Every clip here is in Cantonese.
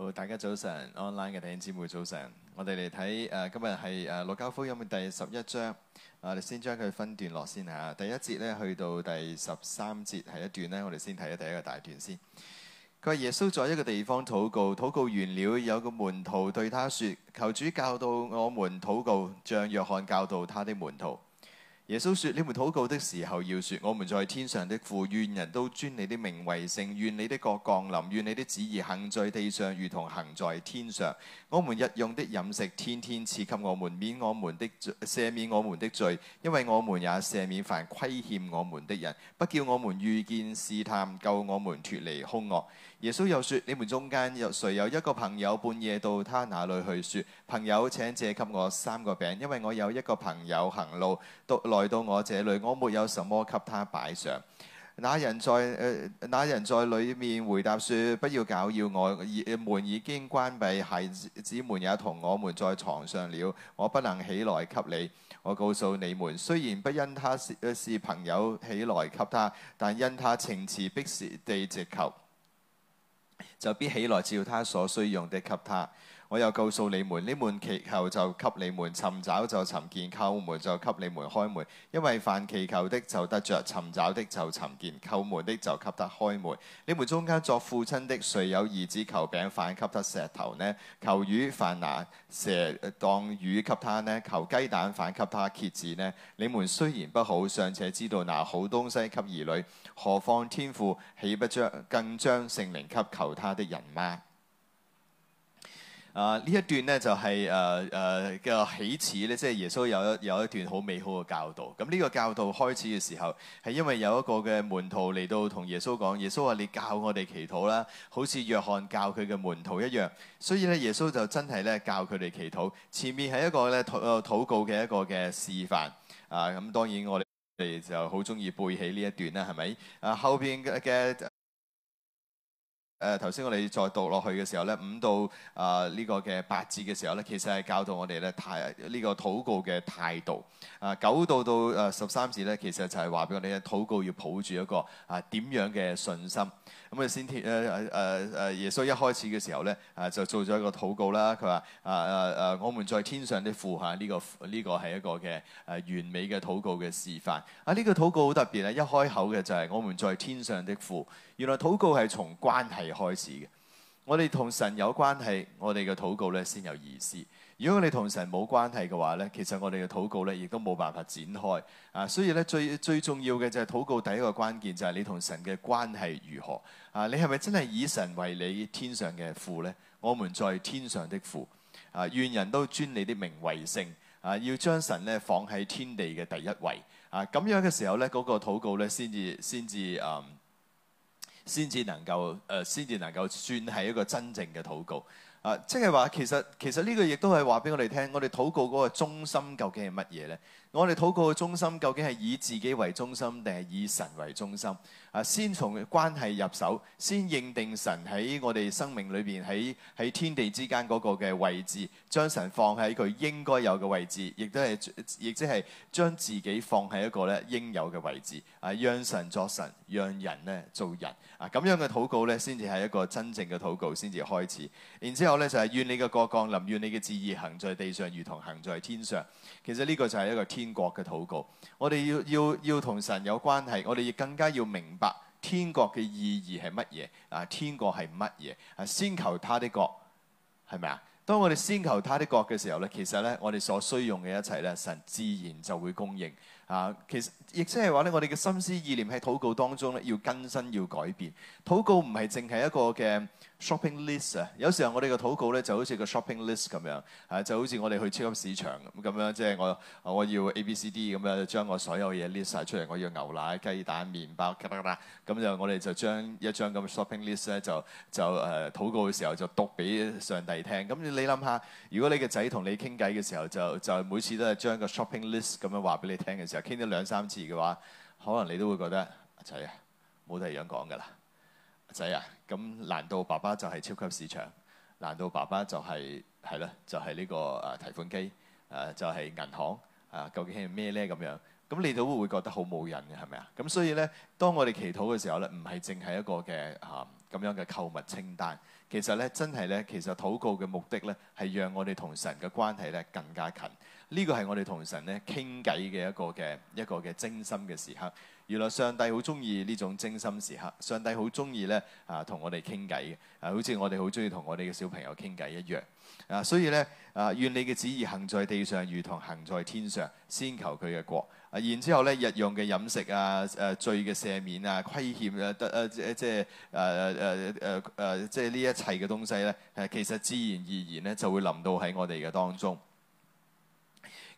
好，大家早晨，Online 嘅弟兄姊妹早晨，我哋嚟睇，誒、呃，今日係誒《路加福音》嘅第十一章，我、呃、哋先將佢分段落先吓，第一節咧去到第十三節係一段咧，我哋先睇咗第一個大段先。佢話耶穌在一個地方禱告，禱告完了，有個門徒對他說：，求主教導我們禱告，像約翰教導他的門徒。耶穌說：你們禱告的時候，要說，我們在天上的父，願人都尊你的名為聖。願你的國降臨。願你的旨意行在地上，如同行在天上。我們日用的飲食，天天賜給我們，免我們的罪，赦免我們的罪，因為我們也赦免凡虧欠我們的人，不叫我們遇見試探，救我們脫離兇惡。耶穌又説：你們中間有誰有一個朋友半夜到他那裏去説朋友請借給我三個餅，因為我有一個朋友行路到來到我這裏，我沒有什麼給他擺上。那人在那、呃、人在裏面回答説：不要攪擾我、呃，門已經關閉，孩子們也同我們在床上了，我不能起來給你。我告訴你們，雖然不因他是朋友起來給他，但因他情詞迫切地直求。就必起來照他所需用的給他。我又告訴你們：你們祈求，就給你們尋找就尋見，叩，見叩門，就給你們開門。因為凡祈求的就得着，尋找的就尋見，叩門的就給他開門。你們中間作父親的，誰有兒子求餅，反給他石頭呢？求魚，反拿蛇當魚給他呢？求雞蛋，反給他蠍子呢？你們雖然不好，尚且知道拿好東西給兒女。何況天父豈不將更將聖靈給求他的人嗎？啊，呢一段呢，就係誒誒嘅起始呢，即係耶穌有一有一段好美好嘅教導。咁呢個教導開始嘅時候，係因為有一個嘅門徒嚟到同耶穌講，耶穌話：你教我哋祈禱啦，好似約翰教佢嘅門徒一樣。所以咧，耶穌就真係咧教佢哋祈禱。前面係一個咧禱告嘅一個嘅示範。啊，咁當然我哋。你就好中意背起呢一段啦，係咪？啊，後邊嘅誒，頭先我哋再讀落去嘅時候咧，五到啊呢個嘅八節嘅時候咧，其實係教到我哋咧態呢個禱告嘅態度。啊，九到到誒十三節咧，其實就係話俾我哋嘅禱告要抱住一個啊點樣嘅信心。咁啊，先天誒誒誒，耶穌一開始嘅時候咧，啊就做咗一個禱告啦。佢話：啊啊啊，我們在天上的父，嚇、這、呢個呢、這個係一個嘅誒完美嘅禱告嘅示範。啊，呢、這個禱告好特別啊！一開口嘅就係、是、我們在天上的父。原來禱告係從關係開始嘅。我哋同神有關係，我哋嘅禱告咧先有意思。如果你同神冇關係嘅話呢，其實我哋嘅禱告呢，亦都冇辦法展開啊！所以咧，最最重要嘅就係禱告第一個關鍵，就係、是、你同神嘅關係如何啊？你係咪真係以神為你天上嘅父呢？我們在天上的父啊，願人都尊你的名為聖，啊！要將神呢放喺天地嘅第一位啊！咁樣嘅時候呢，嗰、那個禱告呢，先至先至啊，先至、嗯、能夠誒，先、呃、至能夠算係一個真正嘅禱告。啊，即係話其實其實呢個亦都係話畀我哋聽，我哋禱告嗰個中心究竟係乜嘢咧？我哋禱告嘅中心究竟係以自己為中心，定係以神為中心？先從關係入手，先認定神喺我哋生命裏邊，喺喺天地之間嗰個嘅位置，將神放喺佢應該有嘅位置，亦都係亦即係將自己放喺一個咧應有嘅位置。啊，讓神作神，讓人咧做人。啊，咁樣嘅禱告咧，先至係一個真正嘅禱告，先至開始。然之後咧就係、是、願你嘅國降臨，願你嘅旨意行在地上，如同行在天上。其實呢個就係一個天國嘅禱告。我哋要要要同神有關係，我哋亦更加要明白。天國嘅意義係乜嘢？啊，天國係乜嘢？啊，先求他的國，係咪啊？當我哋先求他的國嘅時候咧，其實咧，我哋所需用嘅一切咧，神自然就會供應。啊，其實。亦即係話咧，我哋嘅心思意念喺禱告當中咧，要更新，要改變，禱告唔係淨係一個嘅 shopping list 啊！有時候我哋嘅禱告咧，就好似個 shopping list 咁樣，啊，就好似我哋去超級市場咁樣，即係我我，要 A B C D 咁樣將我所有嘢 list 晒出嚟，我要牛奶、雞蛋、麵包，啦啦啦，咁就我哋就將一張咁嘅 shopping list 咧，就就誒禱告嘅時候就讀俾上帝聽，咁你諗下，如果你個仔同你傾偈嘅時候，就就每次都係將個 shopping list 咁樣話俾你聽嘅時候，傾咗兩三次嘅話，可能你都會覺得仔啊，冇第二樣講㗎喇，仔啊，咁難道爸爸就係超級市場？難道爸爸就係係啦？就係、是、呢個誒提款機誒？就係、是、銀行啊？究竟係咩咧？咁樣咁你都會覺得好冇癮嘅，係咪啊？咁所以咧，當我哋祈禱嘅時候咧，唔係淨係一個嘅嚇咁樣嘅購物清單。其實咧，真係咧，其實禱告嘅目的咧，係讓我哋同神嘅關係咧更加近。呢個係我哋同神咧傾偈嘅一個嘅一個嘅精心嘅時刻。原來上帝好中意呢種精心時刻，上帝好中意咧啊同我哋傾偈嘅啊，好似我哋好中意同我哋嘅小朋友傾偈一樣啊。所以咧啊，願你嘅旨意行在地上，如同行在天上。先求佢嘅國啊，然之後咧，日用嘅飲食啊，誒罪嘅赦免啊，虧欠誒得誒即係誒誒誒誒誒即係呢一切嘅東西咧誒，其實自然而然咧就會臨到喺我哋嘅當中。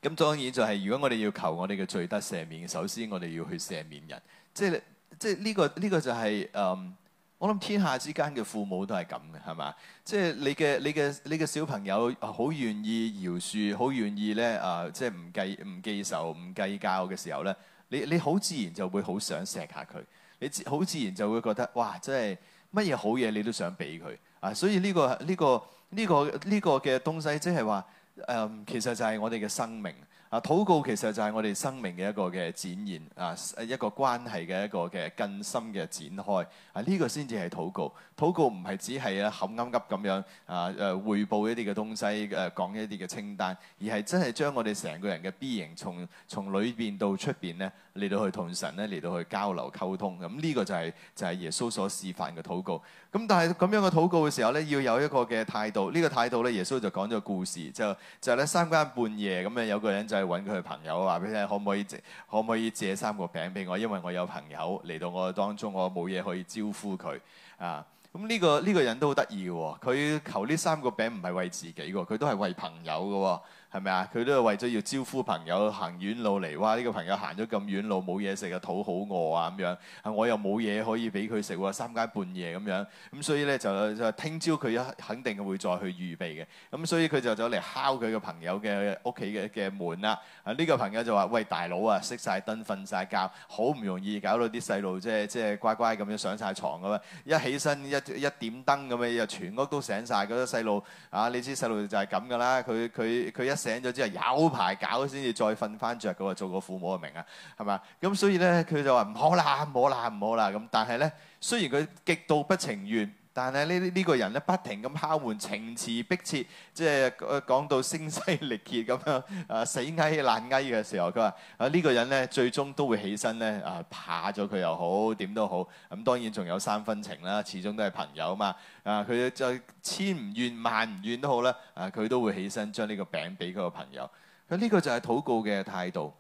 咁當然就係、是，如果我哋要求我哋嘅罪得赦免，首先我哋要去赦免人，即係即係、這、呢個呢、這個就係、是、誒、呃，我諗天下之間嘅父母都係咁嘅，係嘛？即係你嘅你嘅你嘅小朋友好願意饒恕，好願意咧誒、呃，即係唔計唔記仇、唔計較嘅時候咧，你你好自然就會好想錫下佢，你好自然就會覺得哇，真係乜嘢好嘢你都想俾佢啊！所以呢、這個呢、這個呢、這個呢、這個嘅、這個、東西，即係話。誒，其實就係我哋嘅生命啊！禱告其實就係我哋生命嘅一個嘅展現啊，一個關係嘅一個嘅更深嘅展開啊！呢、呢個先至係禱告，禱告唔係只係啊口啱急咁樣啊誒，彙報一啲嘅東西誒，講一啲嘅清單，而係真係將我哋成個人嘅 B 型，從從裏邊到出邊咧。嚟到去同神咧，嚟到去交流溝通咁，呢、這個就係、是、就係、是、耶穌所示範嘅禱告。咁但係咁樣嘅禱告嘅時候咧，要有一個嘅態度。呢、這個態度咧，耶穌就講咗個故事，就就咧、是、三更半夜咁咧，有個人就係揾佢嘅朋友話俾你聽，可唔可以可唔可以借三個餅俾我？因為我有朋友嚟到我當中，我冇嘢可以招呼佢啊。咁、這、呢個呢、這個人都好得意嘅喎，佢求呢三個餅唔係為自己嘅，佢都係為朋友嘅喎。係咪啊？佢都係為咗要招呼朋友行遠路嚟，哇！呢、這個朋友行咗咁遠路冇嘢食啊，肚好餓啊咁樣。啊，我又冇嘢可以俾佢食喎，三更半夜咁樣。咁、啊、所以咧就就聽朝佢肯定會再去預備嘅。咁所以佢就走嚟敲佢個朋友嘅屋企嘅嘅門啦。啊，呢、啊這個朋友就話：喂，大佬啊，熄晒燈，瞓晒覺，好唔容易搞到啲細路即係即係乖乖咁樣上晒床。」咁嘛。一起身一一點燈咁樣又全屋都醒晒，嗰啲細路。啊，你知細路就係咁噶啦。佢佢佢一醒咗之後有排搞先至再瞓翻着。佢話做過父母明啊，係嘛？咁所以咧，佢就話唔好啦，唔好啦，唔好啦咁。但係咧，雖然佢極度不情願。但係呢，呢呢個人咧不停咁敲門，情詞迫切，即係講到聲嘶力竭咁樣，啊死求爛求嘅時候，佢話啊呢、呢個人咧最終都會起身咧，啊怕咗佢又好，點都好，咁當然仲有三分情啦，始終都係朋友嘛，啊佢就千唔怨萬唔怨都好啦，啊佢都會起身將呢個餅俾佢個朋友，佢呢、呢個就係禱告嘅態度。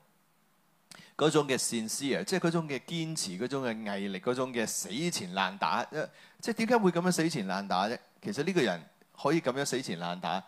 嗰種嘅善思啊，即係嗰種嘅堅持，嗰種嘅毅力，嗰種嘅死纏爛打，即係點解會咁樣死纏爛打啫？其實呢個人可以咁樣死纏爛打，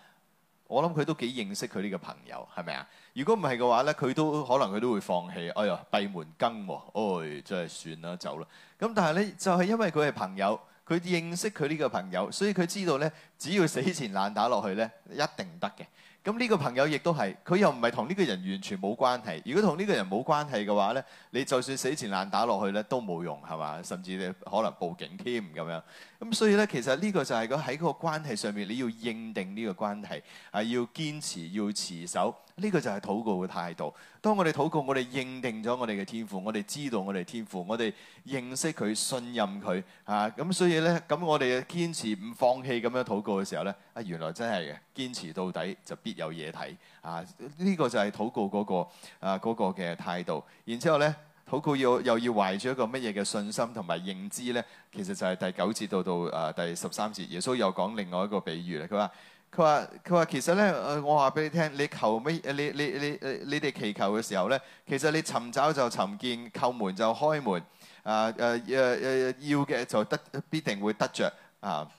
我諗佢都幾認識佢呢個朋友，係咪啊？如果唔係嘅話咧，佢都可能佢都會放棄。哎呀，閉門羹喎，啊，哎，真係算啦，走啦。咁但係咧，就係、係、因為佢係朋友，佢認識佢呢個朋友，所以佢知道咧，只要死纏爛打落去咧，一定得嘅。咁呢個朋友亦都係，佢又唔係同呢個人完全冇關係。如果同呢個人冇關係嘅話咧，你就算死纏爛打落去咧都冇用係嘛？甚至你可能報警添咁樣。咁所以咧，其實呢個就係喺嗰個關係上面，你要認定呢個關係，係，啊，要堅持，要持守。呢個就係禱告嘅態度。當我哋禱告，我哋認定咗我哋嘅天父，我哋知道我哋天父，我哋認識佢，信任佢。啊，咁所以呢，咁我哋堅持唔放棄咁樣禱告嘅時候呢，啊，原來真係堅持到底就必有嘢睇。啊，呢個就係禱告嗰個啊嗰個嘅態度。然之後呢。禱告要又要懷住一個乜嘢嘅信心同埋認知咧，其實就係第九節到到誒第十三節，耶穌又講另外一個比喻咧。佢話佢話佢話其實咧，我話俾你聽，你求咩？你你你你你哋祈求嘅時候咧，其實你尋找就尋見，叩門就開門。誒誒誒誒要嘅就得，必定會得着。啊，啊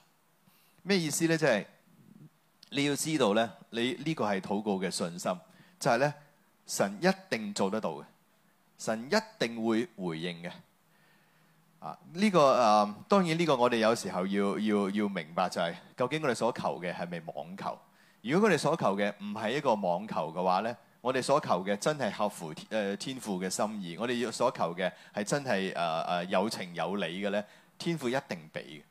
咩意思咧？即係你要知道咧，你呢個係禱告嘅信心，就係咧神一定做得到嘅。神一定會回應嘅，啊呢、這個啊、呃、當然呢個我哋有時候要要要明白就係、是、究竟我哋所求嘅係咪妄求。如果我哋所求嘅唔係一個妄求嘅話呢，我哋所求嘅真係合乎誒天父嘅心意，我哋要所求嘅係真係誒誒有情有理嘅呢，天父一定俾嘅，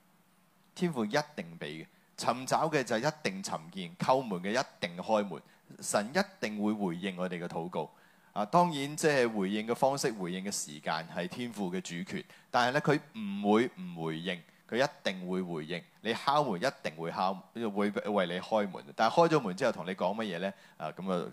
天父一定俾嘅，尋找嘅就一定尋見，叩門嘅一定開門，神一定會回應我哋嘅禱告。啊，當然即係回應嘅方式，回應嘅時間係天父嘅主權。但係咧，佢唔會唔回應，佢一定會回應。你敲門，一定會敲會為你開門。但係開咗門之後，同你講乜嘢咧？啊，咁、嗯、啊，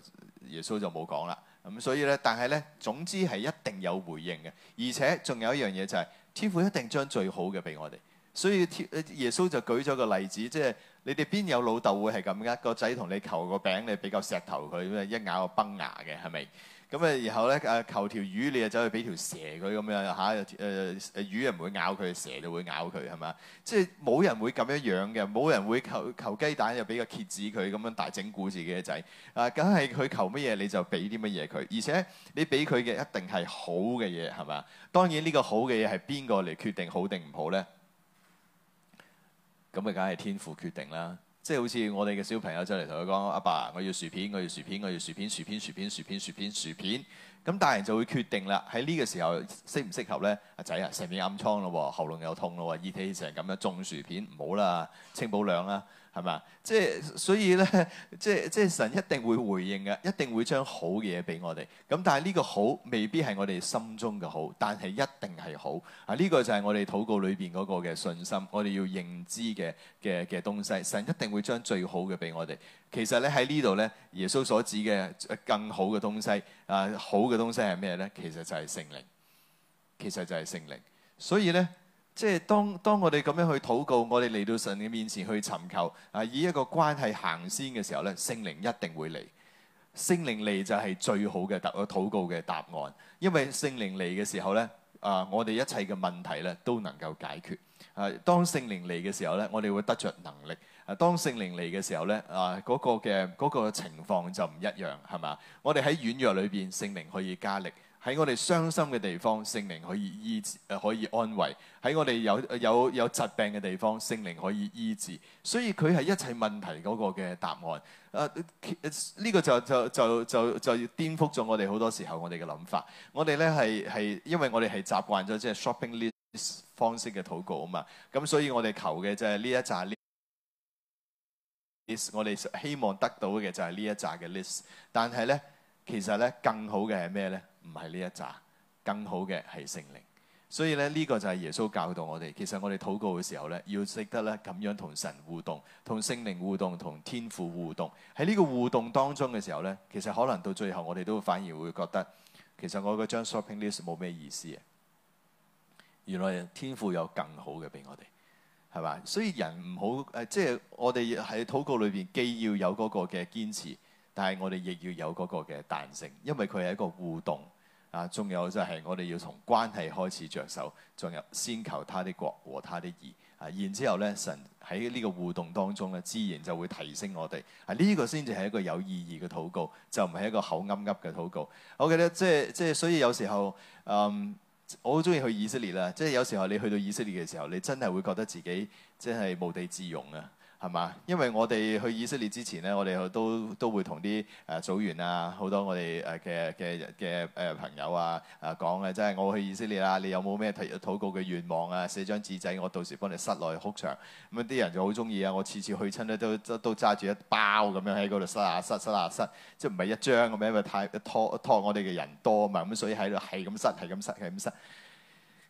耶穌就冇講啦。咁、嗯、所以咧，但係咧，總之係一定有回應嘅。而且仲有一樣嘢就係、是、天父一定將最好嘅俾我哋。所以天耶穌就舉咗個例子，即係你哋邊有老豆會係咁嘅個仔同你求個餅，你比較石頭佢咩一咬個崩牙嘅係咪？咁誒，然後咧誒，求條魚，你就走去俾條蛇佢咁樣嚇誒誒，魚又唔會咬佢，蛇就會咬佢係咪？即係冇人會咁樣養嘅，冇人會求求雞蛋又俾個蠍子佢咁樣大整蠱自己嘅仔啊！梗係佢求乜嘢你就俾啲乜嘢佢，而且你俾佢嘅一定係好嘅嘢係嘛？當然呢個好嘅嘢係邊個嚟決定好定唔好咧？咁啊，梗係天父決定啦。即係好似我哋嘅小朋友就嚟同佢講：阿爸，我要薯片，我要薯片，我要薯片，薯片薯片薯片薯片薯片。咁大人就會決定啦。喺呢個時候適唔適合咧？阿仔啊，成面暗瘡咯，喉嚨又痛咯，熱氣成咁樣啊，中薯片唔好啦，清補涼啦。係嘛？即係所以咧，即係即係神一定會回應嘅，一定會將好嘅嘢俾我哋。咁但係呢個好未必係我哋心中嘅好，但係一定係好。啊，呢個就係我哋禱告裏邊嗰個嘅信心，我哋要認知嘅嘅嘅東西。神一定會將最好嘅俾我哋。其實咧，喺呢度咧，耶穌所指嘅更好嘅東西，啊好嘅東西係咩咧？其實就係聖靈，其實就係聖靈。所以咧。即係當當我哋咁樣去禱告，我哋嚟到神嘅面前去尋求，啊以一個關係行先嘅時候咧，聖靈一定會嚟。聖靈嚟就係最好嘅答，我禱告嘅答案。因為聖靈嚟嘅時候咧，啊我哋一切嘅問題咧都能夠解決。啊當聖靈嚟嘅時候咧，我哋會得着能力。啊當聖靈嚟嘅時候咧，啊嗰個嘅嗰個情況就唔一樣，係嘛？我哋喺軟弱裏邊，聖靈可以加力。喺我哋傷心嘅地方，聖靈可以醫治誒，可以安慰；喺我哋有有有疾病嘅地方，聖靈可以醫治。所以佢係一切問題嗰個嘅答案。誒、啊、呢、呢個就就就就就顛覆咗我哋好多時候我哋嘅諗法。我哋咧係係因為我哋係習慣咗即係 shopping list 方式嘅禱告啊嘛，咁所以我哋求嘅就係呢一紮 list，我哋希望得到嘅就係呢一紮嘅 list。但係咧，其實咧更好嘅係咩咧？唔係呢一紮，更好嘅係聖靈。所以咧，呢個就係耶穌教導我哋。其實我哋禱告嘅時候咧，要識得咧咁樣同神互動，同聖靈互動，同天父互動。喺呢個互動當中嘅時候咧，其實可能到最後我哋都反而會覺得，其實我嗰張 shopping list 冇咩意思嘅。原來天父有更好嘅俾我哋，係嘛？所以人唔好誒，即係我哋喺禱告裏邊，既要有嗰個嘅堅持。但係我哋亦要有嗰個嘅彈性，因為佢係一個互動啊。仲有就係我哋要從關係開始着手，仲有先求他的國和他的義啊。然之後咧，神喺呢個互動當中咧，自然就會提升我哋啊。呢、這個先至係一個有意義嘅禱告，就唔係一個口噏噏嘅禱告。我記得即係即係，所以有時候嗯，我好中意去以色列啦。即係有時候你去到以色列嘅時候，你真係會覺得自己即係無地自容啊。係嘛？因為我哋去以色列之前咧，我哋都都會同啲誒組員啊，好多我哋誒嘅嘅嘅誒朋友啊誒講嘅，即係我去以色列啊，你有冇咩提禱告嘅願望啊？寫張紙仔，我到時幫你塞落去哭牆。咁啲人就好中意啊！我次次去親咧都都揸住一包咁樣喺嗰度塞啊塞啊塞啊塞，啊塞，啊塞，啊塞，啊塞啊，即係唔係一張咁樣？因為太拖拖我哋嘅人多嘛，咁所以喺度係咁塞係、啊、咁塞係、啊、咁塞、啊。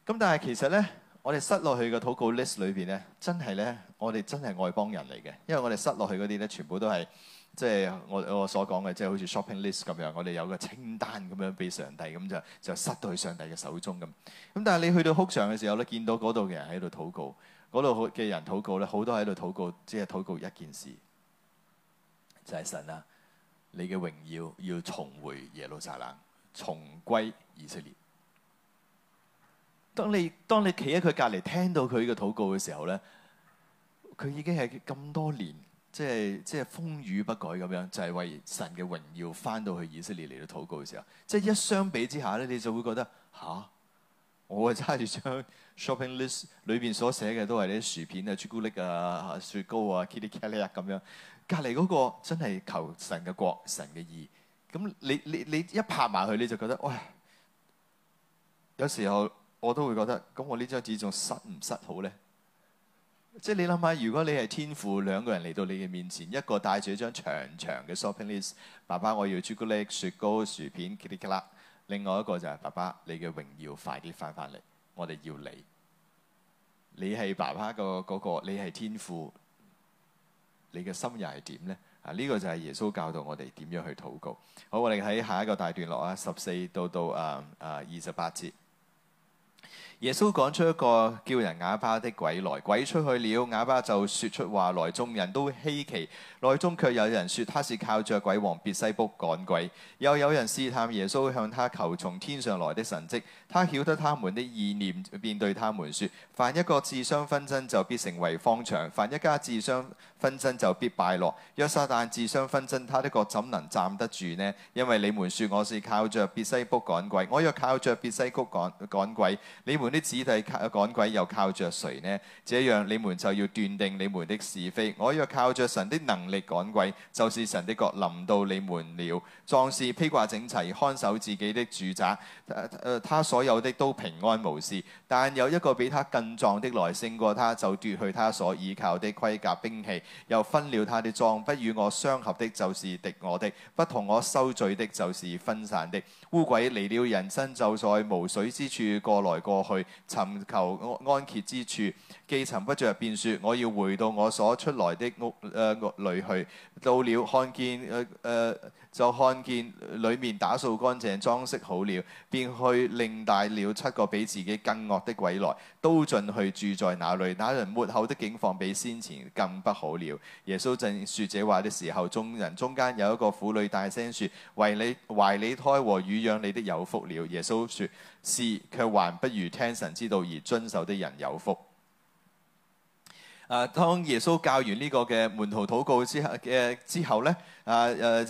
咁、啊啊、但係其實咧。我哋塞落去嘅禱告 list 裏邊咧，真係咧，我哋真係外邦人嚟嘅。因為我哋塞落去嗰啲咧，全部都係即係我我所講嘅，即係好似 shopping list 咁樣，我哋有個清單咁樣俾上帝，咁就就塞到去上帝嘅手中咁。咁但係你去到哭牆嘅時候，你見到嗰度嘅人喺度禱告，嗰度嘅人禱告咧，好多喺度禱告，即係禱告一件事，就係神啊，你嘅榮耀要重回耶路撒冷，重歸以色列。當你當你企喺佢隔離聽到佢嘅禱告嘅時候咧，佢已經係咁多年，即係即係風雨不改咁樣，就係、是、為神嘅榮耀翻到去以色列嚟到禱告嘅時候，即、就、係、是、一相比之下咧，你就會覺得吓，我啊揸住張 shopping list 裏邊所寫嘅都係啲薯片啊、朱古力啊、雪糕啊、kitkat 咁、啊、樣，隔離嗰個真係求神嘅國、神嘅義。咁你你你，你一拍埋佢，你就覺得喂，有時候。我都會覺得咁，我呢張紙仲失唔失好呢？即係你諗下，如果你係天父，兩個人嚟到你嘅面前，一個帶住一張長長嘅 shopping list，爸爸我要朱古力、雪糕、薯片，吉哩吉啦；另外一個就係爸爸，你嘅榮耀快啲翻翻嚟，我哋要你。你係爸爸個嗰個，你係天父，你嘅心又係點呢？啊，呢個就係耶穌教導我哋點樣去禱告。好，我哋喺下一個大段落啊，十四到到啊啊二十八節。耶穌講出一個叫人啞巴的鬼來，鬼出去了，啞巴就說出話來，眾人都稀奇。內中卻有人說他是靠着鬼王別西卜趕鬼，又有人試探耶穌向他求從天上來的神蹟。他曉得他們的意念，便對他們説：凡一個自相紛爭就必成為荒場；凡一家自相……」紛爭就必敗落。若撒旦自相紛爭，他的國怎能站得住呢？因為你們説我是靠着別西卜趕鬼，我若靠着別西谷趕鬼，你們的子弟趕鬼又靠着誰呢？這樣你們就要斷定你們的是非。我若靠着神的能力趕鬼，就是神的國臨到你們了。壯士披掛整齊，看守自己的住宅，呃呃。他所有的都平安無事。但有一個比他更壯的來勝過他，就奪去他所倚靠的盔甲兵器。又分了他的葬，不與我相合的，就是敵我的；不同我收聚的，就是分散的。污鬼離了人身，就在無水之處過來過去，尋求安安歇之處。既尋不著，便說：“我要回到我所出來的屋裏去。”到了，看見。呃呃就看見裏面打掃乾淨、裝飾好了，便去另帶了七個比自己更惡的鬼來，都進去住在那裏。那人末後的境況比先前更不好了。耶穌正説這話的時候，眾人中間有一個婦女大聲説：為你懷你胎和乳養你的有福了。耶穌説：是，卻還不如聽神之道而遵守的人有福。啊！當耶穌教完呢個嘅門徒禱告之後嘅之後咧，啊誒誒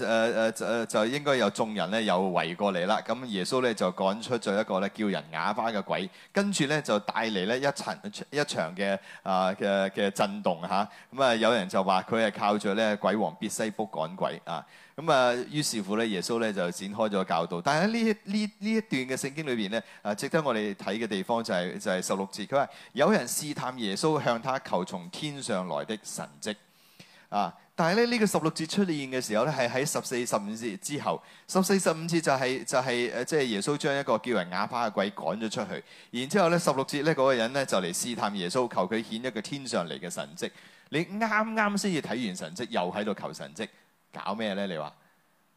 誒就就應該有眾人咧又圍過嚟啦。咁耶穌咧就趕出咗一個咧叫人啞巴嘅鬼，跟住咧就帶嚟咧一層一場嘅啊嘅嘅震動嚇。咁啊有人就話佢係靠著咧鬼王必西卜趕鬼啊。咁啊，於是乎咧，耶穌咧就展開咗教導。但喺呢一呢呢一段嘅聖經裏邊咧，啊值得我哋睇嘅地方就係就係十六節。佢話有人試探耶穌，向他求從天上來的神蹟啊！但係咧呢個十六節出現嘅時候咧，係喺十四十五節之後。十四十五節就係就係誒，即係耶穌將一個叫人啞巴嘅鬼趕咗出去。然之後咧，十六節咧嗰個人咧就嚟試探耶穌，求佢顯一個天上嚟嘅神蹟。你啱啱先至睇完神蹟，又喺度求神蹟。搞咩咧？你話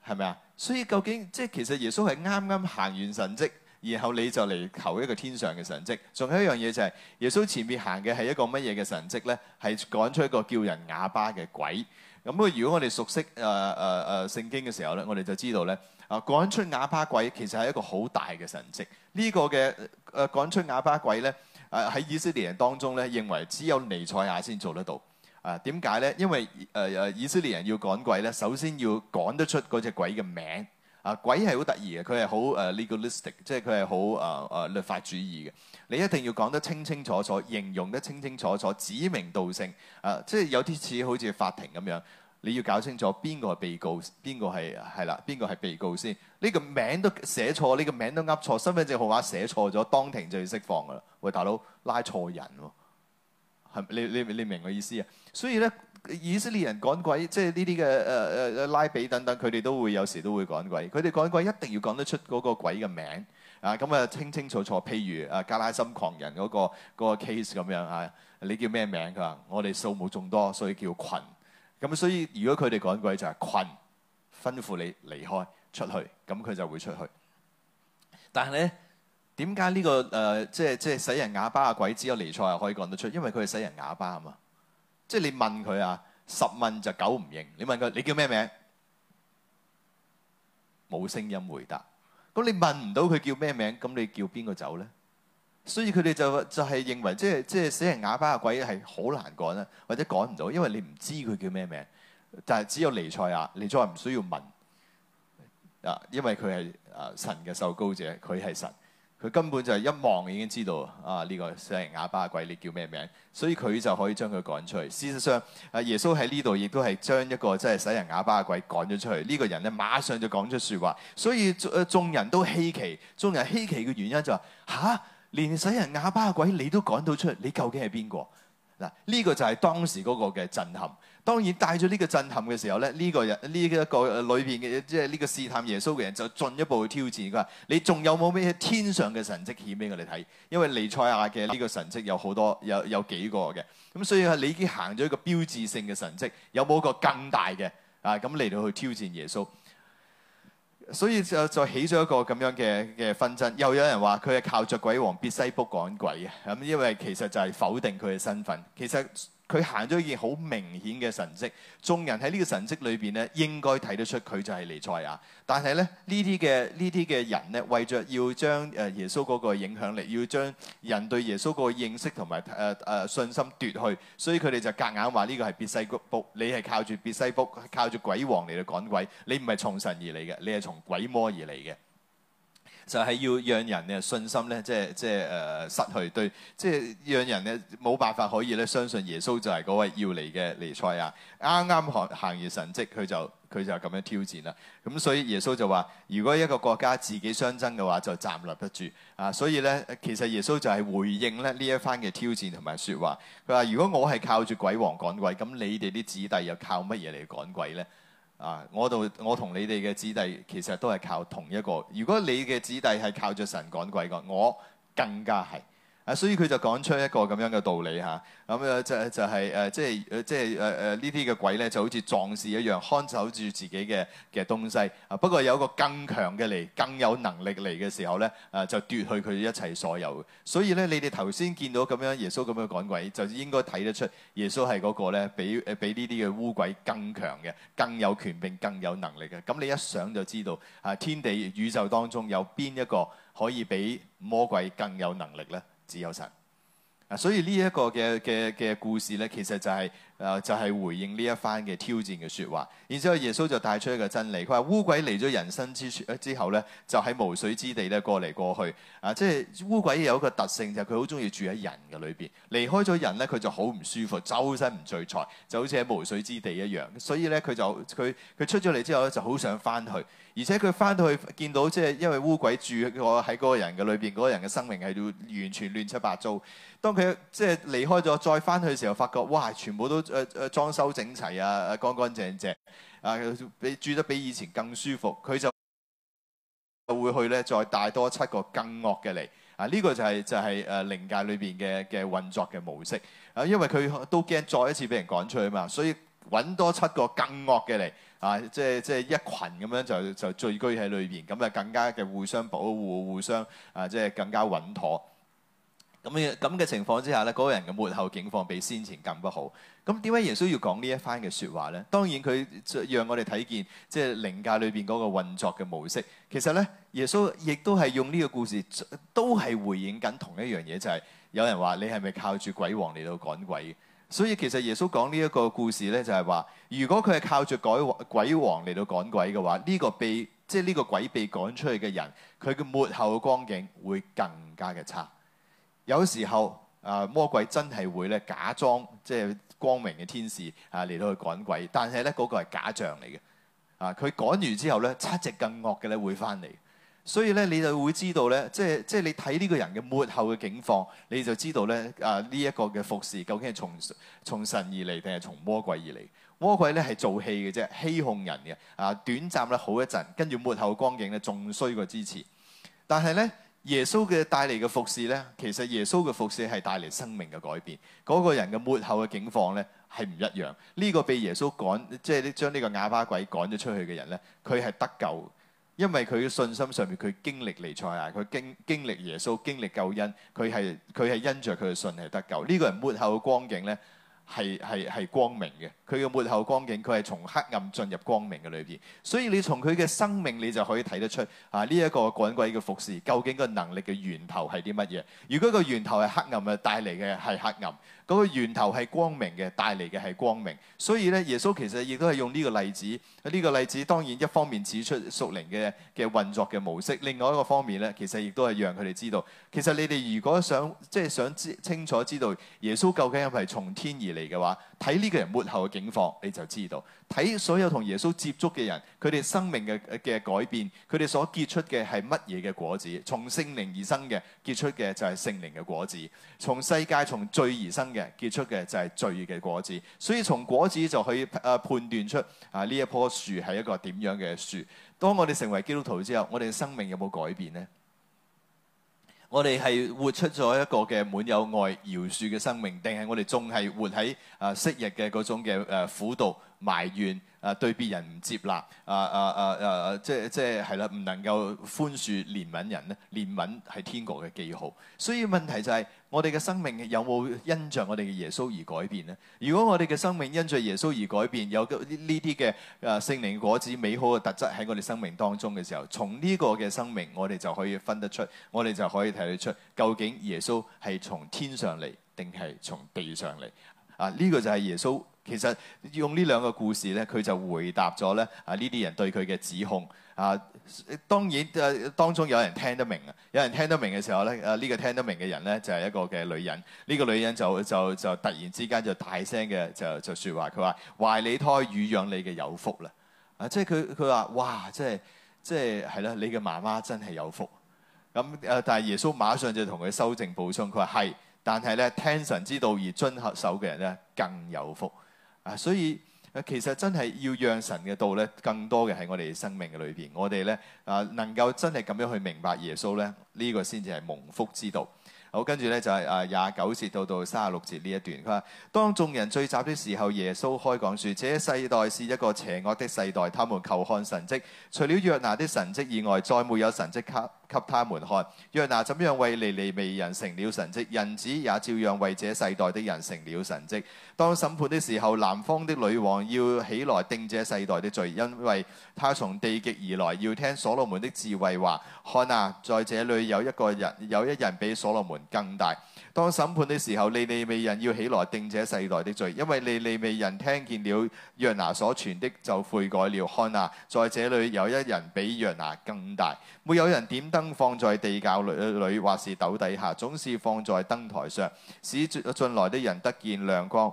係咪啊？所以究竟即係其實耶穌係啱啱行完神跡，然後你就嚟求一個天上嘅神跡。仲有一樣嘢就係、是、耶穌前面行嘅係一個乜嘢嘅神跡咧？係趕出一個叫人啞巴嘅鬼。咁啊，如果我哋熟悉誒誒誒聖經嘅時候咧，我哋就知道咧啊，趕出啞巴鬼其實係一個好大嘅神跡。呢、這個嘅誒趕出啞巴鬼咧，誒喺以色列人當中咧，認為只有彌賽亞先做得到。啊，點解咧？因為誒誒、呃，以色列人要趕鬼咧，首先要趕得出嗰隻鬼嘅名。啊，鬼係好得意嘅，佢係好誒、uh, legalistic，即係佢係好誒誒律法主義嘅。你一定要講得清清楚楚，形容得清清楚楚，指名道姓。啊，即係有啲似好似法庭咁樣，你要搞清楚邊個係被告，邊個係係啦，邊個係被告先？呢、這個名都寫錯，呢、這個名都噏錯，身份證號碼寫錯咗，當庭就要釋放噶啦。喂，大佬拉錯人喎，係咪？你你你，你明我意思啊？所以咧，以色列人趕鬼，即係呢啲嘅誒誒誒拉比等等，佢哋都會有時都會趕鬼。佢哋趕鬼一定要趕得出嗰個鬼嘅名啊！咁啊，清清楚楚。譬如啊，加拉森狂人嗰個嗰個 case 咁樣啊，你叫咩名？佢話：我哋數目眾多，所以叫「群」。咁所以如果佢哋趕鬼就係「群」，吩咐你離開出去，咁佢就會出去。但係咧，點解呢個誒即係即係使人啞巴嘅鬼只有尼賽可以趕得出？因為佢係使人啞巴啊嘛。即係你問佢啊，十問就九唔應。你問佢你叫咩名，冇聲音回答。咁你問唔到佢叫咩名，咁你叫邊個走咧？所以佢哋就就係、是、認為，即係即係死人啞巴阿、啊、鬼係好難趕啦，或者趕唔到，因為你唔知佢叫咩名，但係只有尼賽亞，尼賽唔需要問啊，因為佢係啊神嘅受膏者，佢係神。佢根本就係一望已經知道啊！呢個使人啞巴鬼，你叫咩名？所以佢就可以將佢趕出去。事實上，啊耶穌喺呢度亦都係將一個真係使人啞巴嘅鬼趕咗出去。呢個人咧馬上就講出説話，所以誒眾人都稀奇。眾人稀奇嘅原因就話：吓，連使人啞巴鬼你都趕到出嚟，你究竟係邊個？嗱，呢個就係當時嗰個嘅震撼。當然帶咗呢個震撼嘅時候咧，呢、這個人呢一個裏邊嘅即係呢個試探耶穌嘅人就進一步去挑戰佢話：你仲有冇咩天上嘅神跡顯俾我哋睇？因為尼賽亞嘅呢個神跡有好多有有幾個嘅，咁所以你已經行咗一個標誌性嘅神跡，有冇個更大嘅啊？咁嚟到去挑戰耶穌，所以就就起咗一個咁樣嘅嘅紛爭。又有人話佢係靠着鬼王別西卜趕鬼嘅，咁因為其實就係否定佢嘅身份。其實。佢行咗一件好明顯嘅神跡，眾人喺呢個神跡裏邊咧，應該睇得出佢就係尼賽亞。但係咧，呢啲嘅呢啲嘅人咧，為著要將誒耶穌嗰個影響力，要將人對耶穌個認識同埋誒誒信心奪去，所以佢哋就夾硬話呢個係別西谷卜，你係靠住別西卜，靠住鬼王嚟到趕鬼，你唔係從神而嚟嘅，你係從鬼魔而嚟嘅。就係要讓人嘅信心咧，即係即係誒失去對，即係讓人咧冇辦法可以咧相信耶穌就係嗰位要嚟嘅彌賽亞，啱啱學行完神蹟，佢就佢就咁樣挑戰啦。咁所以耶穌就話：如果一個國家自己相爭嘅話，就站立得住啊。所以咧，其實耶穌就係回應咧呢一番嘅挑戰同埋説話。佢話：如果我係靠住鬼王趕鬼，咁你哋啲子弟又靠乜嘢嚟趕鬼咧？啊！我度我同你哋嘅子弟其實都係靠同一個。如果你嘅子弟係靠著神趕鬼嘅，我更加係。啊，所以佢就講出一個咁樣嘅道理嚇，咁誒就就係誒即係即係誒誒呢啲嘅鬼咧，就，是就是呃就是呃呃、就好似壯士一樣看守住自己嘅嘅東西。啊，不過有個更強嘅嚟，更有能力嚟嘅時候咧，誒、啊、就奪去佢一切所有。所以咧，你哋頭先見到咁樣耶穌咁樣講鬼，就應該睇得出耶穌係嗰個咧，比誒比呢啲嘅污鬼更強嘅，更有權柄更，更有能力嘅。咁你一想就知道啊，天地宇宙當中有邊一個可以比魔鬼更有能力咧？只有神啊！所以呢一個嘅嘅嘅故事咧，其實就係、是、誒、呃、就係、是、回應呢一番嘅挑戰嘅說話。然之後耶穌就帶出一個真理，佢話烏鬼嚟咗人生之處之後咧，就喺無水之地咧過嚟過去啊！即係烏鬼有一個特性就係佢好中意住喺人嘅裏邊，離開咗人咧佢就好唔舒服，周身唔聚財，就好似喺無水之地一樣。所以咧佢就佢佢出咗嚟之後咧就好想翻去。而且佢翻到去見到，即係因為污鬼住喺嗰個人嘅裏邊，嗰、那個人嘅生命係要完全亂七八糟。當佢即係離開咗，再翻去嘅時候，發覺哇，全部都誒誒、呃啊、裝修整齊啊，乾乾淨淨啊，住得比以前更舒服。佢就會去咧，再帶多七個更惡嘅嚟啊！呢、這個就係、是、就係、是、誒靈界裏邊嘅嘅運作嘅模式啊，因為佢都驚再一次俾人趕出去啊嘛，所以揾多七個更惡嘅嚟。啊，即係即係一群咁樣就就聚居喺裏邊，咁啊更加嘅互相保護、互相啊，即係更加穩妥。咁樣咁嘅情況之下咧，嗰個人嘅末後境況比先前更不好。咁點解耶穌要講呢一番嘅説話咧？當然佢讓我哋睇見即係靈界裏邊嗰個運作嘅模式。其實咧，耶穌亦都係用呢個故事，都係回應緊同一樣嘢，就係有人話你係咪靠住鬼王嚟到趕鬼？所以其實耶穌講呢一個故事咧，就係話，如果佢係靠住改鬼王嚟到趕鬼嘅話，呢個被即係呢個鬼被趕出去嘅人，佢嘅末後嘅光景會更加嘅差。有時候啊，魔鬼真係會咧假裝即係光明嘅天使啊嚟到去趕鬼，但係咧嗰個係假象嚟嘅啊，佢趕完之後咧，七隻更惡嘅咧會返嚟。所以咧，你就會知道咧，即係即係你睇呢個人嘅末後嘅境況，你就知道咧啊呢一個嘅服侍究竟係從從神而嚟定係從魔鬼而嚟？魔鬼咧係做戲嘅啫，欺哄人嘅啊，短暫咧好一陣，跟住末後光景咧仲衰過之前。但係咧，耶穌嘅帶嚟嘅服侍咧，其實耶穌嘅服侍係帶嚟生命嘅改變。嗰、這個人嘅末後嘅境況咧係唔一樣。呢、這個被耶穌趕，即係將呢個啞巴鬼趕咗出去嘅人咧，佢係得救。因為佢嘅信心上面，佢經歷尼賽亞，佢經經歷耶穌經歷救恩，佢係佢係因着佢嘅信係得救。呢、這個人末後嘅光景呢，係係係光明嘅，佢嘅末後光景，佢係從黑暗進入光明嘅裏邊，所以你從佢嘅生命，你就可以睇得出啊呢一，這個趕鬼嘅服侍，究竟個能力嘅源頭係啲乜嘢？如果個源頭係黑暗，嘅帶嚟嘅係黑暗，嗰，那個源頭係光明嘅，帶嚟嘅係光明。所以咧，耶穌其實亦都係用呢個例子，呢，這個例子當然一方面指出屬靈嘅嘅運作嘅模式，另外一個方面咧，其實亦都係讓佢哋知道，其實你哋如果想即係，就是，想知清楚知道耶穌究竟係咪從天而？嚟嘅話，睇呢個人末後嘅境況，你就知道。睇所有同耶穌接觸嘅人，佢哋生命嘅嘅改變，佢哋所結出嘅係乜嘢嘅果子？從聖靈而生嘅結出嘅就係聖靈嘅果子；從世界從罪而生嘅結出嘅就係罪嘅果子。所以從果子就可以判斷出啊呢一棵樹係一個點樣嘅樹。當我哋成為基督徒之後，我哋嘅生命有冇改變呢？我哋係活出咗一個嘅滿有愛饒恕嘅生命，定係我哋仲係活喺啊昔日嘅嗰種嘅誒苦度埋怨啊，對別人唔接納啊啊啊啊，即係即係係啦，唔能夠寬恕憐憫人咧。憐憫係天國嘅記號。所以問題就係、是。我哋嘅生命有冇因着我哋嘅耶穌而改變呢？如果我哋嘅生命因着耶穌而改變，有呢啲嘅啊聖靈果子，美好嘅特質喺我哋生命當中嘅時候，從呢個嘅生命，我哋就可以分得出，我哋就可以睇得出，究竟耶穌係從天上嚟定係從地上嚟啊？呢個就係耶穌。其實用呢兩個故事咧，佢就回答咗咧啊呢啲人對佢嘅指控啊。當然，誒當中有人聽得明啊！有人聽得明嘅時候咧，誒、這、呢個聽得明嘅人咧就係一個嘅女人。呢、這個女人就就就突然之間就大聲嘅就就説話，佢話懷你胎乳養你嘅有福啦。啊，即係佢佢話，哇！即係即係係啦，你嘅媽媽真係有福。咁、啊、誒，但係耶穌馬上就同佢修正補充，佢話係，但係咧聽神之道而遵合守嘅人咧更有福啊！所以。其實真係要讓神嘅道咧，更多嘅喺我哋生命嘅裏邊，我哋咧啊能夠真係咁樣去明白耶穌咧，呢、呢個先至係蒙福之道。好，跟住咧就係啊廿九節到到卅六節呢一段，佢話當眾人聚集的時候，耶穌開講説：這世代是一個邪惡的世代，他們求看神蹟，除了約拿的神蹟以外，再沒有，有神蹟給給他們看，約拿、啊、怎樣為尼尼微人成了神蹟，人子也照樣為這世代的人成了神蹟。當審判的時候，南方的女王要起來定這世代的罪，因為她從地極而來，要聽所羅門的智慧話。看啊，在這裡有一個人，有一人比所羅門更大。當審判的時候，利利未人要起來定這世代的罪，因為利利未人聽見了約拿所傳的，就悔改了看。看哪，在這裡有一人比約拿更大。沒有人點燈放在地窖裡，或是斗底下，總是放在燈台上，使進來的人得見亮光。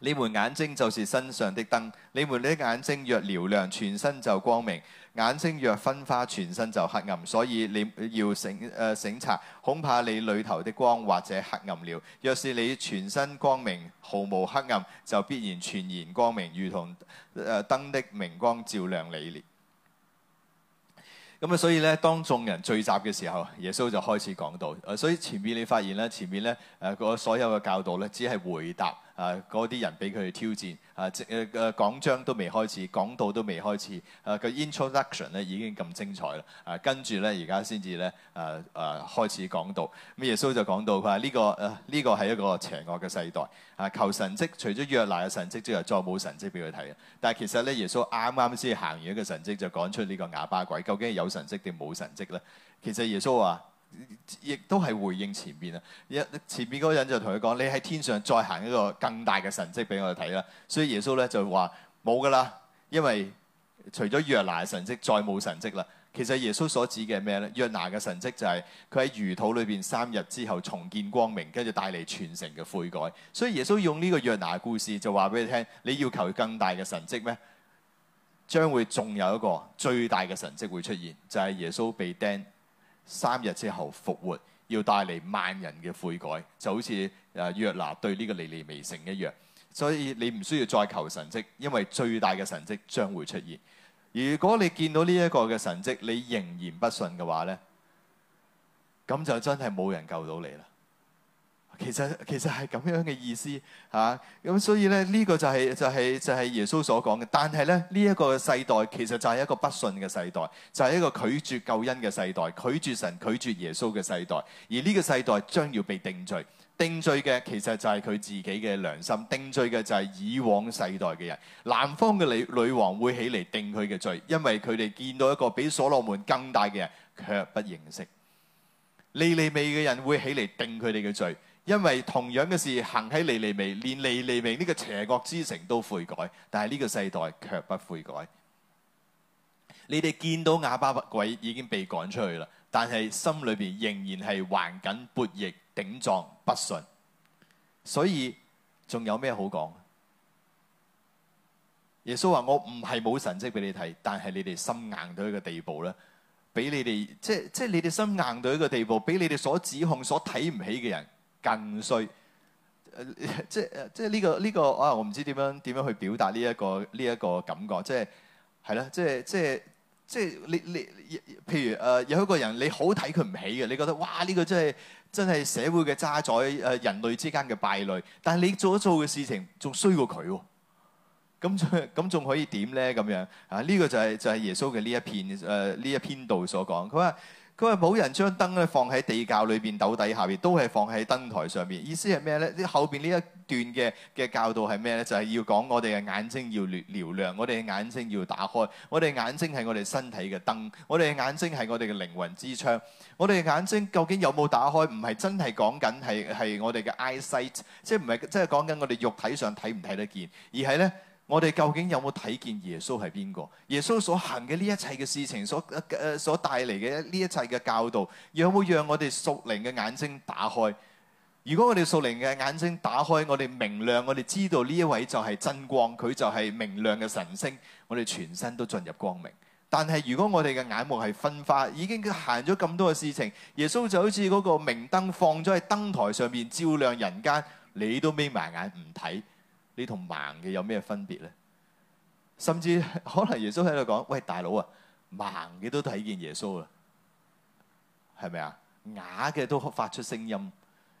你們眼睛就是身上的燈。你們的眼睛若嘹亮，全身就光明。眼睛若昏花，全身就黑暗。所以你要醒，誒、呃、醒察，恐怕你裏頭的光或者黑暗了。若是你全身光明，毫無黑暗，就必然全然光明，如同誒燈、呃、的明光照亮你哋。咁啊，所以咧，當眾人聚集嘅時候，耶穌就開始講道。所以前面你發現咧，前面咧誒個所有嘅教導咧，只係回答。啊！嗰啲人俾佢哋挑戰，啊！誒誒講章都未開始，講道都未開始。誒個 introduction 咧已經咁精彩啦。啊，跟住咧而家先至咧，誒誒、啊啊、開始講道。咁耶穌就講到，佢話呢個誒呢、啊這個係一個邪惡嘅世代。啊，求神蹟，除咗約拿嘅神蹟之外，再冇神蹟俾佢睇。但係其實咧，耶穌啱啱先行完一個神蹟，就講出呢個啞巴鬼，究竟係有神蹟定冇神蹟咧？其實耶穌話亦都係回應前面啊！一前面嗰人就同佢講：你喺天上再行一個更大嘅神跡俾我哋睇啦！所以耶穌咧就話冇噶啦，因為除咗約拿神跡，再冇神跡啦。其實耶穌所指嘅係咩呢？約拿嘅神跡就係佢喺魚肚裏邊三日之後重見光明，跟住帶嚟全城嘅悔改。所以耶穌用呢個約拿故事就話俾你聽：你要求更大嘅神跡咩？將會仲有一個最大嘅神跡會出現，就係、是、耶穌被釘。三日之後復活，要帶嚟萬人嘅悔改，就好似誒約拿對呢個尼尼微城一樣。所以你唔需要再求神蹟，因為最大嘅神蹟將會出現。如果你見到呢一個嘅神蹟，你仍然不信嘅話呢，咁就真係冇人救到你啦。其實其實係咁樣嘅意思吓，咁、啊、所以咧呢、呢個就係、是、就係、是、就係、是、耶穌所講嘅。但係咧呢一、呢個世代其實就係一個不信嘅世代，就係、是、一個拒絕救恩嘅世代，拒絕神，拒絕耶穌嘅世代。而呢個世代將要被定罪，定罪嘅其實就係佢自己嘅良心，定罪嘅就係以往世代嘅人。南方嘅女女王會起嚟定佢嘅罪，因為佢哋見到一個比所羅門更大嘅人，卻不認識。尼尼微嘅人會起嚟定佢哋嘅罪。因為同樣嘅事行喺尼尼微，連尼尼微呢個邪惡之城都悔改，但係呢個世代卻不悔改。你哋見到啞巴鬼已經被趕出去啦，但係心裏面仍然係橫緊撥翼頂撞不信，所以仲有咩好講？耶穌話：我唔係冇神蹟俾你睇，但係你哋心硬到一個地步咧，俾你哋即係即係你哋心硬到一個地步，俾你哋、就是就是、所指控、所睇唔起嘅人。更衰、呃，即係即係呢個呢個啊！我唔知點樣點樣去表達呢一個呢一個感覺，即係係啦，即係即係即係你你，譬如誒、呃、有一個人你好睇佢唔起嘅，你覺得哇呢個真係真係社會嘅渣滓誒，人類之間嘅敗類，但係你做咗做嘅事情仲衰過佢喎，咁咁仲可以點咧？咁樣啊？呢個就係就係耶穌嘅呢一篇誒呢、呃、一篇道所講，佢話。佢話冇人將燈咧放喺地窖裏邊、斗底下邊，都係放喺燈台上面。意思係咩呢？呢後邊呢一段嘅嘅教導係咩呢？就係、是、要講我哋嘅眼睛要嘹亮，我哋嘅眼睛要打開，我哋眼睛係我哋身體嘅燈，我哋嘅眼睛係我哋嘅靈魂之窗。我哋嘅眼睛究竟有冇打開？唔係真係講緊係係我哋嘅 eyesight，即係唔係真係講緊我哋肉體上睇唔睇得見，而係呢。我哋究竟有冇睇見耶穌係邊個？耶穌所行嘅呢一切嘅事情，所誒誒，呃、所帶嚟嘅呢一切嘅教導，有冇讓我哋屬靈嘅眼睛打開？如果我哋屬靈嘅眼睛打開，我哋明亮，我哋知道呢一位就係真光，佢就係明亮嘅晨星，我哋全身都進入光明。但係如果我哋嘅眼目係昏花，已經行咗咁多嘅事情，耶穌就好似嗰個明燈放咗喺燈台上面照亮人間，你都眯埋眼唔睇。你同盲嘅有咩分別咧？甚至可能耶穌喺度講：喂，大佬啊，盲嘅都睇見耶穌啦，係咪啊？啞嘅都發出聲音，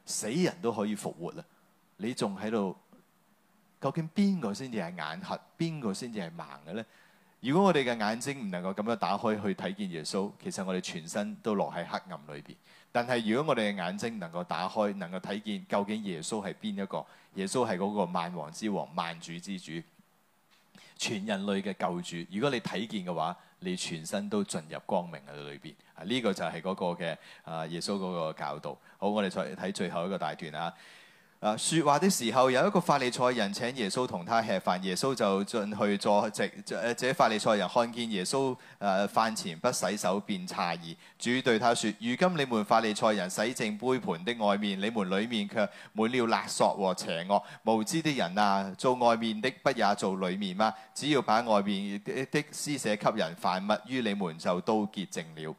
死人都可以復活啦。你仲喺度？究竟邊個先至係眼瞎？邊個先至係盲嘅咧？如果我哋嘅眼睛唔能夠咁樣打開去睇見耶穌，其實我哋全身都落喺黑暗裏邊。但係，如果我哋嘅眼睛能夠打開，能夠睇見究竟耶穌係邊一個？耶穌係嗰個萬王之王、萬主之主，全人類嘅救主。如果你睇見嘅話，你全身都進入光明嘅裏邊。呢、這個就係嗰個嘅啊耶穌嗰個教導。好，我哋再睇最後一個大段啊。誒、啊、説話的時候，有一個法利賽人請耶穌同他吃飯，耶穌就進去坐席。誒、這法利賽人看見耶穌誒飯前不洗手，便詫異。主對他説：如今你們法利賽人洗淨杯盤的外面，你們裡面卻滿了勒索和邪惡。無知的人啊，做外面的不也做裡面嗎？只要把外面的施捨給人，凡物於你們就都潔淨了。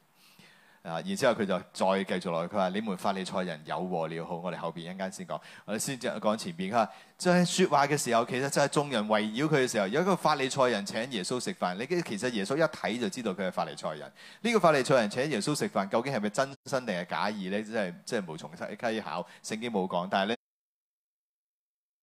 啊！然之後佢就再繼續落去。佢話：你們法利賽人有禍了。好，我哋後邊一陣間先講，我哋先講前邊。佢、就是、話：在説話嘅時候，其實就係眾人圍繞佢嘅時候，有一個法利賽人請耶穌食飯。你其實耶穌一睇就知道佢係法利賽人。呢、這個法利賽人請耶穌食飯，究竟係咪真心定係假意咧？真係真係無從細稽考。聖經冇講，但係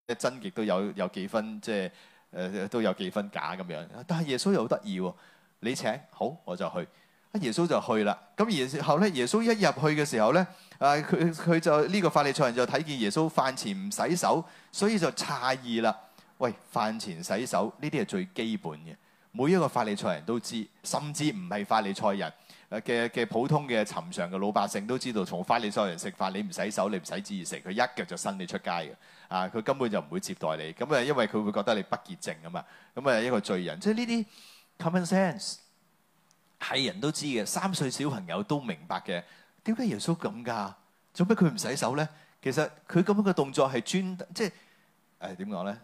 咧，真亦都有有幾分，即係誒都有幾分假咁樣。但係耶穌又好得意喎，你請好，我就去。阿耶穌就去啦，咁然後咧，耶穌一入去嘅時候咧，啊，佢佢就呢、這個法利賽人就睇見耶穌飯前唔洗手，所以就詫異啦。喂，飯前洗手呢啲係最基本嘅，每一個法利賽人都知，甚至唔係法利賽人嘅嘅、啊、普通嘅尋常嘅老百姓都知道，從法利賽人食飯你唔洗手，你唔使旨意食，佢一腳就伸你出街嘅。啊，佢根本就唔會接待你。咁啊，因為佢會覺得你不潔淨啊嘛。咁啊，一個罪人，即係呢啲 common sense。係人都知嘅，三歲小朋友都明白嘅。點解耶穌咁㗎？做咩佢唔洗手咧？其實佢咁樣嘅動作係專，即係誒點講咧？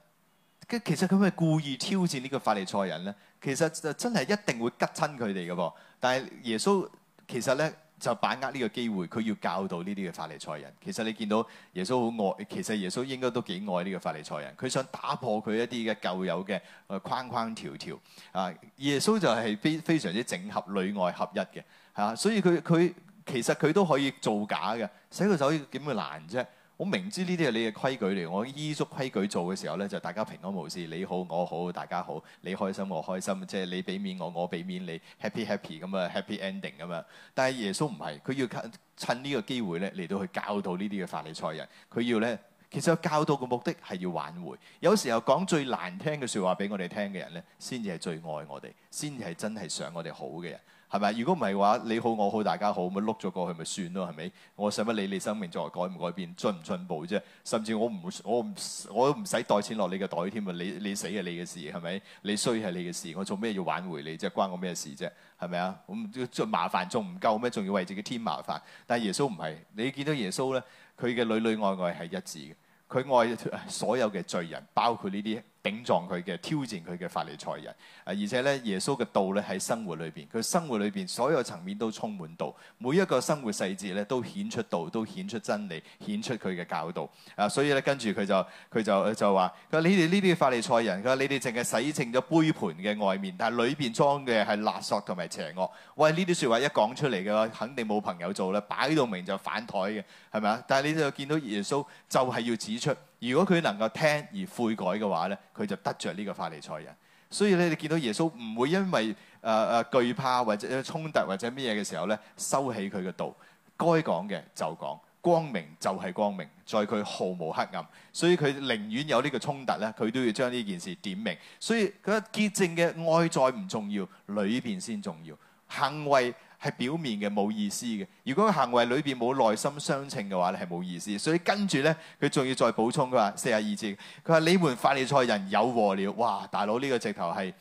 其實佢係故意挑戰呢個法利賽人咧。其實就真係一定會吉親佢哋嘅噃。但係耶穌其實咧。就把握呢個機會，佢要教導呢啲嘅法利賽人。其實你見到耶穌好愛，其實耶穌應該都幾愛呢個法利賽人。佢想打破佢一啲嘅舊有嘅框框條條。啊，耶穌就係非非常之整合、裏外合一嘅外合一嘅。嚇，所以佢佢其實佢都可以造假嘅，洗個手點會難啫？我明知呢啲係你嘅規矩嚟，我依足規矩做嘅時候呢，就大家平安無事，你好我好大家好，你開心我開心，即係你俾面我，我俾面你，happy happy 咁啊，happy ending 咁樣。但係耶穌唔係，佢要趁呢個機會呢嚟到去教導呢啲嘅法利賽人，佢要呢，其實教導嘅目的係要挽回。有時候講最難聽嘅説話俾我哋聽嘅人呢，先至係最愛我哋，先至係真係想我哋好嘅人。係咪？如果唔係嘅話，你好我好大家好，咪碌咗過去咪算咯，係咪？我使乜理你生命作為改唔改變、進唔進步啫？甚至我唔我我都唔使袋錢落你嘅袋添啊！你你死係你嘅事，係咪？你衰係你嘅事，我做咩要挽回你啫？關我咩事啫？係咪啊？咁仲麻煩仲唔夠咩？仲要為自己添麻煩。但係耶穌唔係，你見到耶穌咧，佢嘅內內外外係一致嘅。佢愛所有嘅罪人，包括呢啲。頂撞佢嘅挑戰佢嘅法利賽人，啊而且咧耶穌嘅道咧喺生活裏邊，佢生活裏邊所有層面都充滿道，每一個生活細節咧都顯出道，都顯出真理，顯出佢嘅教導。啊所以咧跟住佢就佢就就話，佢話你哋呢啲法利賽人，佢話你哋淨係洗淨咗杯盤嘅外面，但係裏邊裝嘅係勒索同埋邪惡。喂呢啲說話一講出嚟嘅話，肯定冇朋友做啦，擺到明就反台嘅，係咪啊？但係你就見到耶穌就係要指出。如果佢能夠聽而悔改嘅話呢，佢就得着呢個法利賽人。所以咧，你見到耶穌唔會因為誒誒懼怕或者衝突或者咩嘢嘅時候咧，收起佢嘅道，該講嘅就講，光明就係光明，在佢毫無黑暗。所以佢寧願有呢個衝突呢，佢都要將呢件事點明。所以個潔淨嘅外在唔重要，裏邊先重要行為。係表面嘅冇意思嘅。如果行為裏邊冇內心相稱嘅話咧，係冇意思。所以跟住咧，佢仲要再補充佢話四十二節。佢話：你們法利賽人有禍了。哇！大佬呢、這個直頭係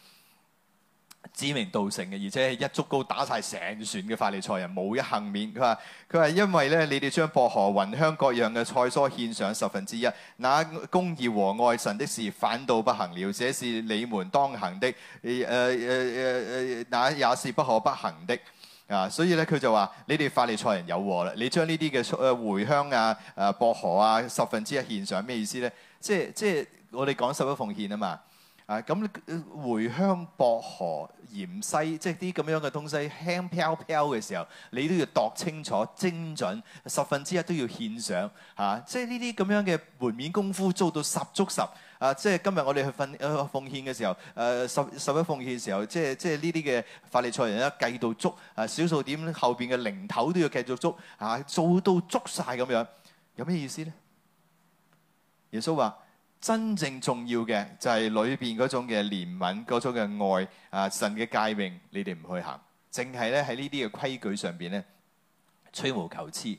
指名道姓嘅，而且係一竹篙打晒成船嘅法利賽人冇一幸免。佢話：佢話因為咧，你哋將薄荷、芸香各樣嘅菜蔬獻上十分之一，那公義和愛神的事反倒不行了。這是你們當行的誒誒誒誒，那、呃呃呃呃呃、也是不可不行的。啊，所以咧佢就話：你哋法利賽人有禍啦！你將呢啲嘅誒茴香啊、誒薄荷啊，十分之一獻上，咩意思咧？即係即係我哋講十一奉獻啊嘛。啊，咁茴香、薄荷、芫茜，即係啲咁樣嘅東西輕飄飄嘅時候，你都要度清楚、精準，十分之一都要獻上嚇、啊。即係呢啲咁樣嘅門面功夫做到十足十啊！即係今日我哋去奉奉獻嘅時候，誒、啊、十十一奉獻嘅時候，即係即係呢啲嘅法利賽人一計到捉，啊，小數點後邊嘅零頭都要繼續捉，嚇、啊，做到捉晒咁樣，有咩意思咧？耶穌話。真正重要嘅就係裏邊嗰種嘅憐憫，嗰種嘅愛啊！神嘅戒命，你哋唔去行，淨係咧喺呢啲嘅規矩上邊咧吹毛求疵，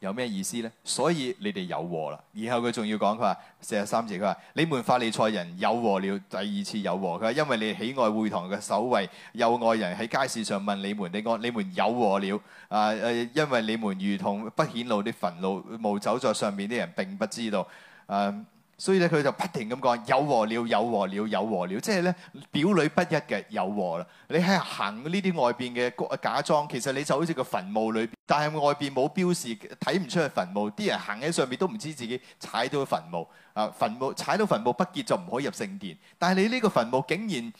有咩意思咧？所以你哋有禍啦。然後佢仲要講，佢話四十三節，佢話你們法利賽人有禍了，第二次有禍。佢話因為你哋喜愛會堂嘅守衞，有愛人喺街市上問你們，你話你們有禍了啊！因為你們如同不顯露啲憤怒，冇走在上面。」啲人並不知道啊。所以咧佢就不停咁講，有禍了，有禍了，有禍了，即係咧表裏不一嘅有禍啦。你喺行呢啲外邊嘅假裝，其實你就好似個墳墓裏，但係外邊冇標示，睇唔出係墳墓。啲人行喺上面都唔知自己踩到墳墓啊！墳墓踩到墳墓，不潔就唔可以入聖殿。但係你呢個墳墓竟然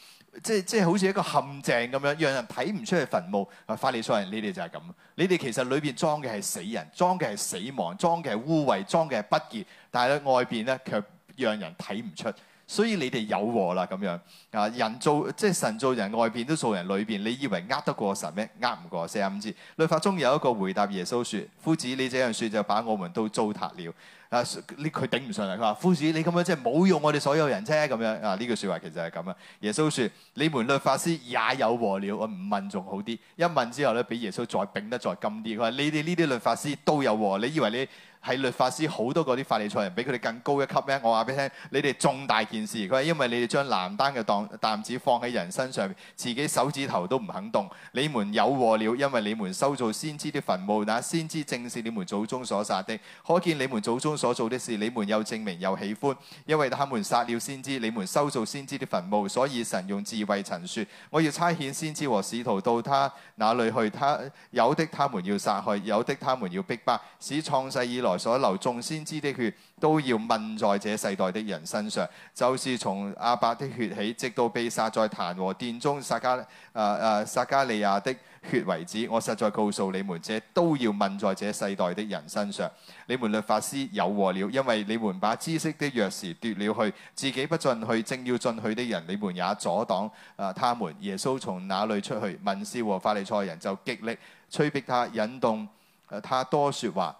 即係即係好似一個陷阱咁樣，讓人睇唔出係墳墓。啊！法利賽人，你哋就係咁。你哋其實裏邊裝嘅係死人，裝嘅係死亡，裝嘅係污穢，裝嘅係不潔。但係喺外邊咧卻讓人睇唔出，所以你哋有禍啦咁樣啊！人造即係神造人外邊都造人裏邊，你以為呃得過神咩？呃唔過四阿五字律法中有一個回答耶穌說：夫子你這樣説就把我們都糟蹋了啊！呢佢頂唔順啦，佢話夫子你咁樣即係冇用我哋所有人啫咁樣啊！呢句説話其實係咁啊！耶穌説：你們律法師也有禍了，我唔問仲好啲，一問之後咧，俾耶穌再並得再金啲。佢話你哋呢啲律法師都有禍，你以為你？係律法師好多個啲法利賽人比佢哋更高一級咩？我話俾你聽，你哋重大件事。佢話因為你哋將難擔嘅擔擔子放喺人身上，自己手指頭都唔肯動。你們有禍了，因為你們修造先知的墳墓，那先知正是你們祖宗所殺的。可見你們祖宗所做的事，你們又證明又喜歡，因為他們殺了先知，你們修造先知的墳墓，墓。所以神用智慧曾説：我要差遣先知和使徒到他那裏去。他有的他們要殺害，有的他們要逼迫。使創世以來。所流眾先知的血都要問在這世代的人身上，就是從阿伯的血起，直到被殺在壇和殿中撒加誒誒撒加利亞的血為止。我實在告訴你們，這都要問在這世代的人身上。你們律法師有禍了，因為你們把知識的鑰匙奪了去，自己不進去，正要進去的人，你們也阻擋啊他們。耶穌從那裏出去，文士和法利賽人就極力催逼他，引動誒他多說話。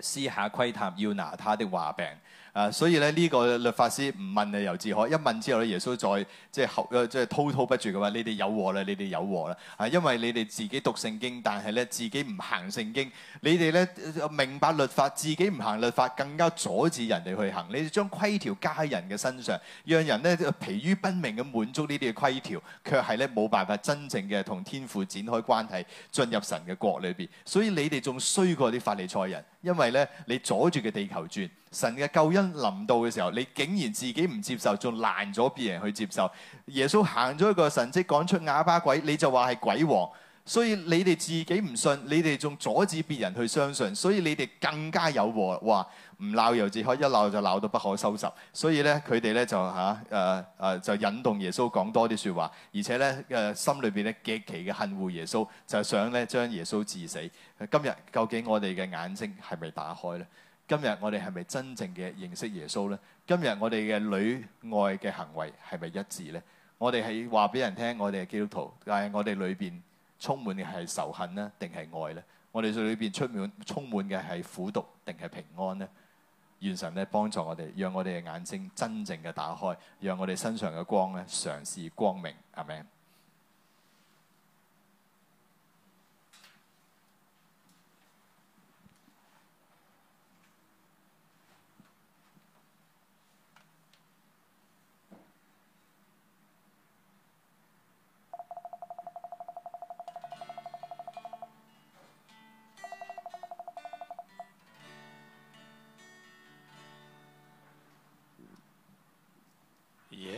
私下窺探，要拿他的話柄。啊，所以咧呢個律法師唔問啊，猶自可一問之後咧，耶穌再即係後，即係滔滔不絕嘅話：你哋有禍啦，你哋有禍啦啊！因為你哋自己讀聖經，但係咧自己唔行聖經，你哋咧明白律法，自己唔行律法，更加阻止人哋去行。你哋將規條加喺人嘅身上，讓人咧疲於奔命咁滿足規條卻呢啲嘅規條，卻係咧冇辦法真正嘅同天父展開關係，進入神嘅國裏邊。所以你哋仲衰過啲法利賽人，因為咧你阻住嘅地球轉。神嘅救恩臨到嘅時候，你竟然自己唔接受，仲攔咗別人去接受。耶穌行咗一個神蹟，趕出啞巴鬼，你就話係鬼王。所以你哋自己唔信，你哋仲阻止別人去相信，所以你哋更加有禍。話唔鬧猶自可，一鬧就鬧到不可收拾。所以咧，佢哋咧就嚇誒誒，就引動耶穌講多啲説話，而且咧誒、啊、心裏邊咧極其嘅恨惡耶穌，就係想咧將耶穌致死。今日究竟我哋嘅眼睛係咪打開咧？今日我哋係咪真正嘅認識耶穌呢？今日我哋嘅女愛嘅行為係咪一致呢？我哋係話俾人聽，我哋係基督徒，但係我哋裏邊充滿嘅係仇恨呢？定係愛呢？我哋裏邊充滿充滿嘅係苦毒定係平安呢？願神咧幫助我哋，讓我哋嘅眼睛真正嘅打開，讓我哋身上嘅光咧常是光明。阿門。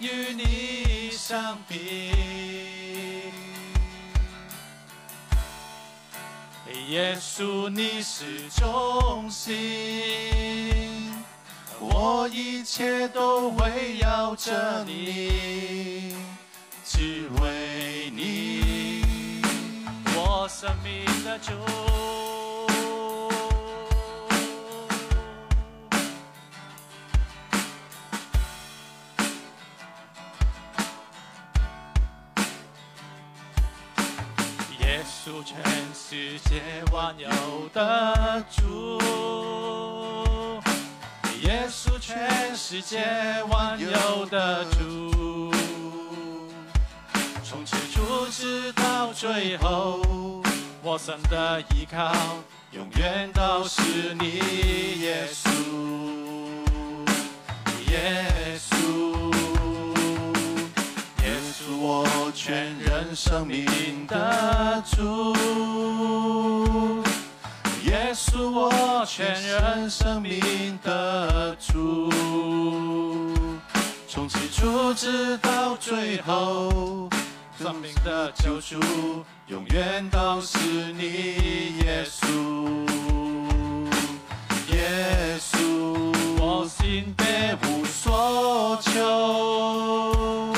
與你相比，耶穌你是中心，我一切都圍繞着你，只為你，我生命的主。主，全世界萬有的主，耶穌，全世界萬有的主，從起初直到最後，我神的依靠永遠都是你，耶穌，耶穌。我全人生命的主，耶穌我全人生命的主，從起初直到最後生命的救主，永遠都是你，耶穌，耶穌我心別無所求。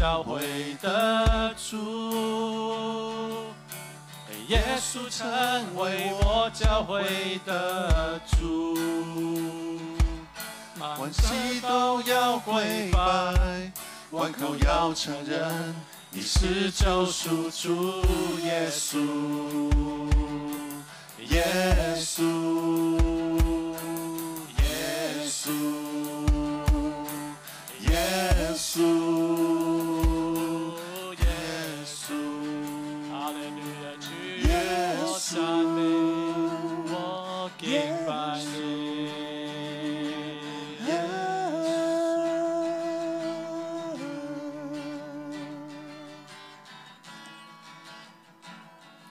教會的主，耶穌成為我教會的主，着萬膝都要跪拜，萬口要承認你是救贖主，耶穌，耶穌，耶穌。耶穌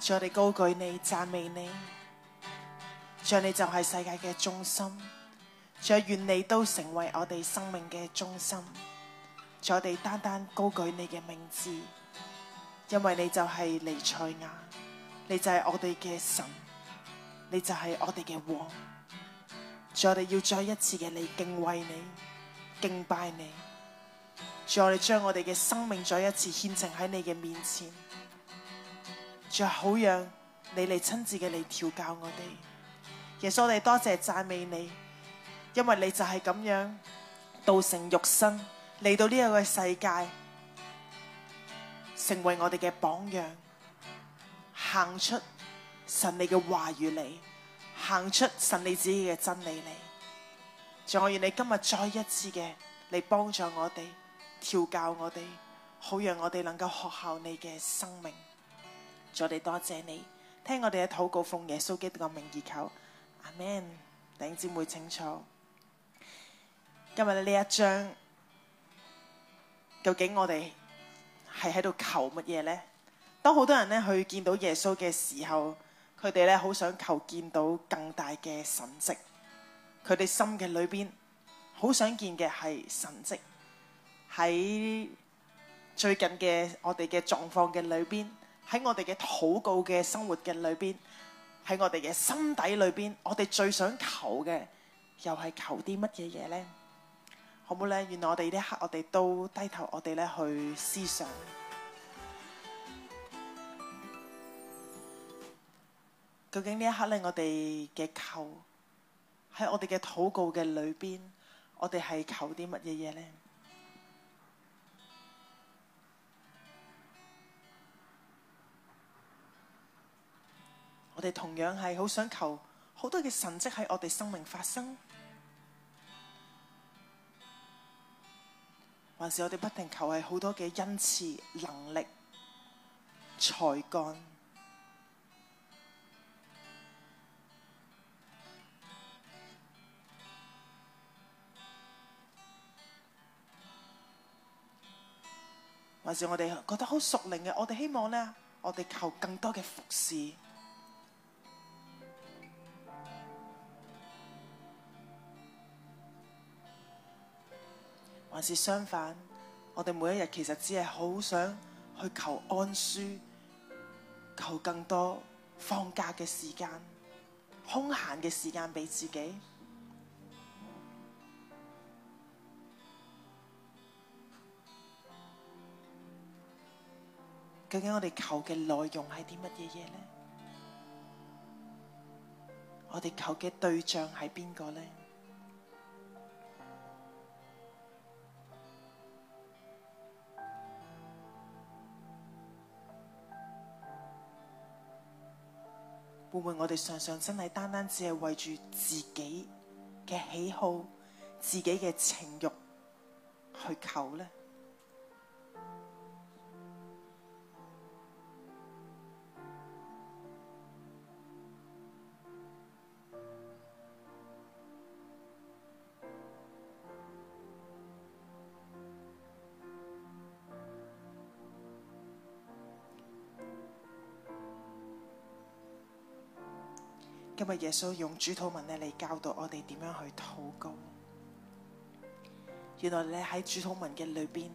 在我哋高舉你，讚美你，在你就係世界嘅中心，在願你都成為我哋生命嘅中心，在我哋單單高舉你嘅名字，因為你就係彌賽亞，你就係我哋嘅神，你就係我哋嘅王，在我哋要再一次嘅你，敬畏你，敬拜你，在我哋將我哋嘅生命再一次獻呈喺你嘅面前。就好讓你嚟親自嘅嚟調教我哋，耶穌，我哋多謝讚美你，因為你就係咁樣道成肉身嚟到呢一個世界，成為我哋嘅榜樣，行出神你嘅話語裏，行出神你自己嘅真理裏。仲我願你今日再一次嘅嚟幫助我哋調教我哋，好讓我哋能夠學效你嘅生命。我哋多謝你聽我哋嘅禱告，奉耶穌基督嘅名而求，阿門。弟兄姊妹清楚，今日呢一章究竟我哋係喺度求乜嘢呢？當好多人咧去見到耶穌嘅時候，佢哋咧好想求見到更大嘅神蹟。佢哋心嘅裏邊好想見嘅係神蹟喺最近嘅我哋嘅狀況嘅裏邊。喺我哋嘅禱告嘅生活嘅裏邊，喺我哋嘅心底裏邊，我哋最想求嘅，又係求啲乜嘢嘢咧？好唔好咧？原來我哋呢一刻，我哋都低頭，我哋咧去思想，嗯嗯、究竟呢一刻咧，我哋嘅求喺我哋嘅禱告嘅裏邊，我哋係求啲乜嘢嘢咧？我哋同樣係好想求好多嘅神跡喺我哋生命發生，還是我哋不停求係好多嘅恩賜、能力、才幹，還是我哋覺得好屬靈嘅？我哋希望呢，我哋求更多嘅服侍。但是相反，我哋每一日其實只係好想去求安舒，求更多放假嘅時間、空閒嘅時間俾自己。究竟我哋求嘅內容係啲乜嘢嘢呢？我哋求嘅對象係邊個呢？會唔會我哋常常真係單單只係為住自己嘅喜好、自己嘅情慾去求呢？耶穌用主禱文咧嚟教導我哋點樣去禱告。原來你喺主禱文嘅裏邊，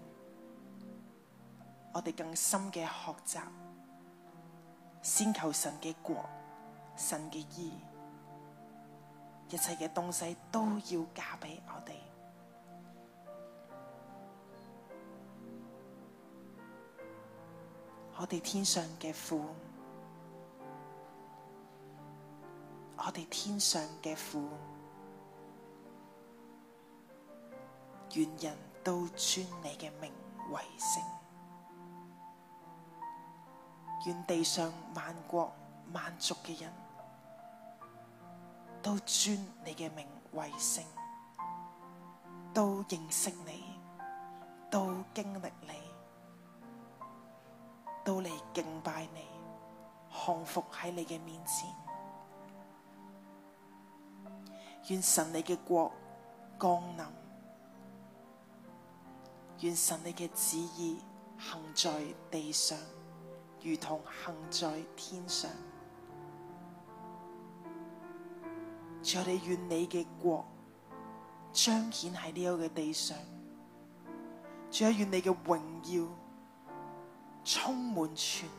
我哋更深嘅學習，先求神嘅國、神嘅義，一切嘅東西都要交畀我哋，我哋天上嘅父。我哋天上嘅父，願人都尊你嘅名為聖；願地上萬國萬族嘅人都尊你嘅名為聖，都認識你，都經歷你，都嚟敬拜你，降服喺你嘅面前。願神你嘅國降臨，願神你嘅旨意行在地上，如同行在天上。仲有，你願你嘅國彰顯喺呢個地上，仲有，願你嘅榮耀充滿全。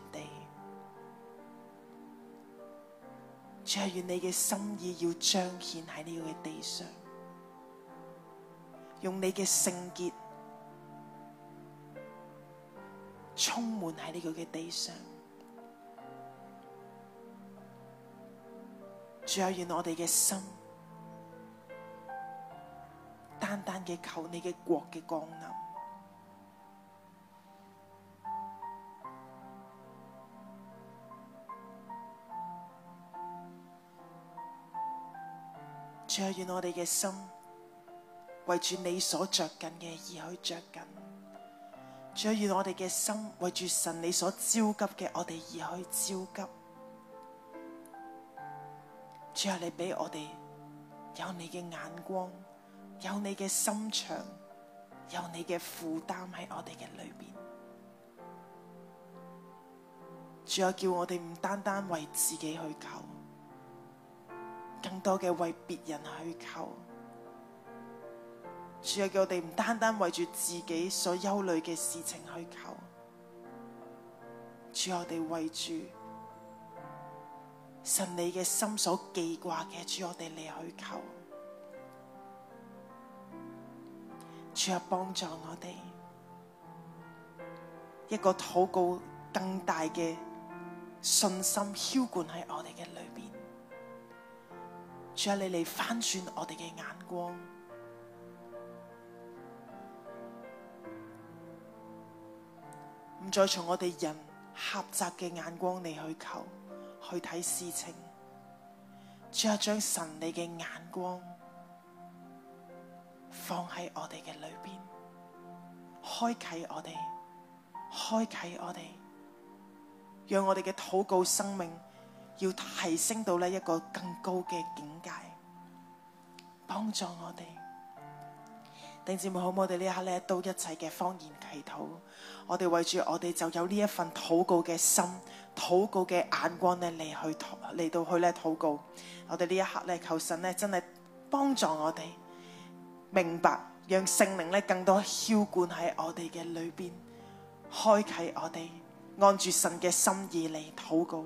就願你嘅心意要彰顯喺呢個嘅地上，用你嘅聖潔充滿喺呢個嘅地上，主啊，願我哋嘅心單單嘅求你嘅國嘅光臨。主啊，願我哋嘅心為住你所着緊嘅而去着緊，主啊，願我哋嘅心為住神你所焦急嘅我哋而去焦急。主啊，你俾我哋有你嘅眼光，有你嘅心腸，有你嘅負擔喺我哋嘅裏邊。主啊，叫我哋唔單單為自己去求。更多嘅為別人去求，主啊，叫我哋唔單單為住自己所憂慮嘅事情去求，主啊，我哋為住神你嘅心所記掛嘅，主啊，我哋嚟去求，主啊，幫助我哋一個禱告更大嘅信心，澆灌喺我哋嘅裏邊。主啊，你嚟翻轉我哋嘅眼光，唔再從我哋人狹窄嘅眼光嚟去求、去睇事情。主啊，將神你嘅眼光放喺我哋嘅裏邊，開啟我哋，開啟我哋，讓我哋嘅禱告生命。要提升到呢一個更高嘅境界，幫助我哋。弟兄姊妹好，我哋呢一刻咧都一切嘅方言祈禱，我哋為住我哋就有呢一份禱告嘅心、禱告嘅眼光咧嚟去嚟到去咧禱告。我哋呢一刻咧求神咧真係幫助我哋明白，讓聖靈咧更多澆灌喺我哋嘅裏邊，開啟我哋按住神嘅心意嚟禱告。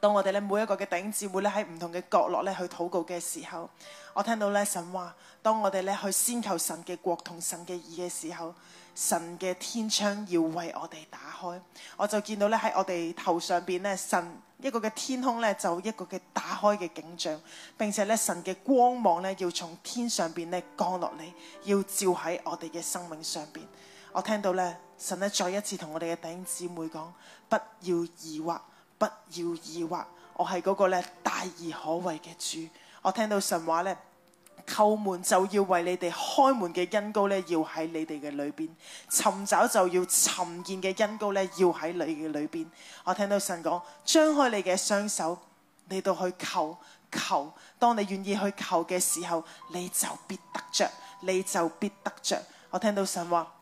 當我哋咧每一個嘅弟兄姊妹咧喺唔同嘅角落咧去禱告嘅時候，我聽到咧神話，當我哋咧去先求神嘅國同神嘅義嘅時候，神嘅天窗要為我哋打開，我就見到咧喺我哋頭上邊咧神一個嘅天空咧就一個嘅打開嘅景象，並且咧神嘅光芒咧要從天上邊咧降落嚟，要照喺我哋嘅生命上邊。我聽到咧神咧再一次同我哋嘅弟兄姊妹講，不要疑惑。不要疑惑，我係嗰個咧大而可畏嘅主。我聽到神話咧，叩門就要為你哋開門嘅恩膏咧，要喺你哋嘅裏邊；尋找就要尋見嘅恩膏咧，要喺你嘅裏邊。我聽到神講，張開你嘅雙手，你度去求求。當你願意去求嘅時候，你就必得着，你就必得着。我聽到神話。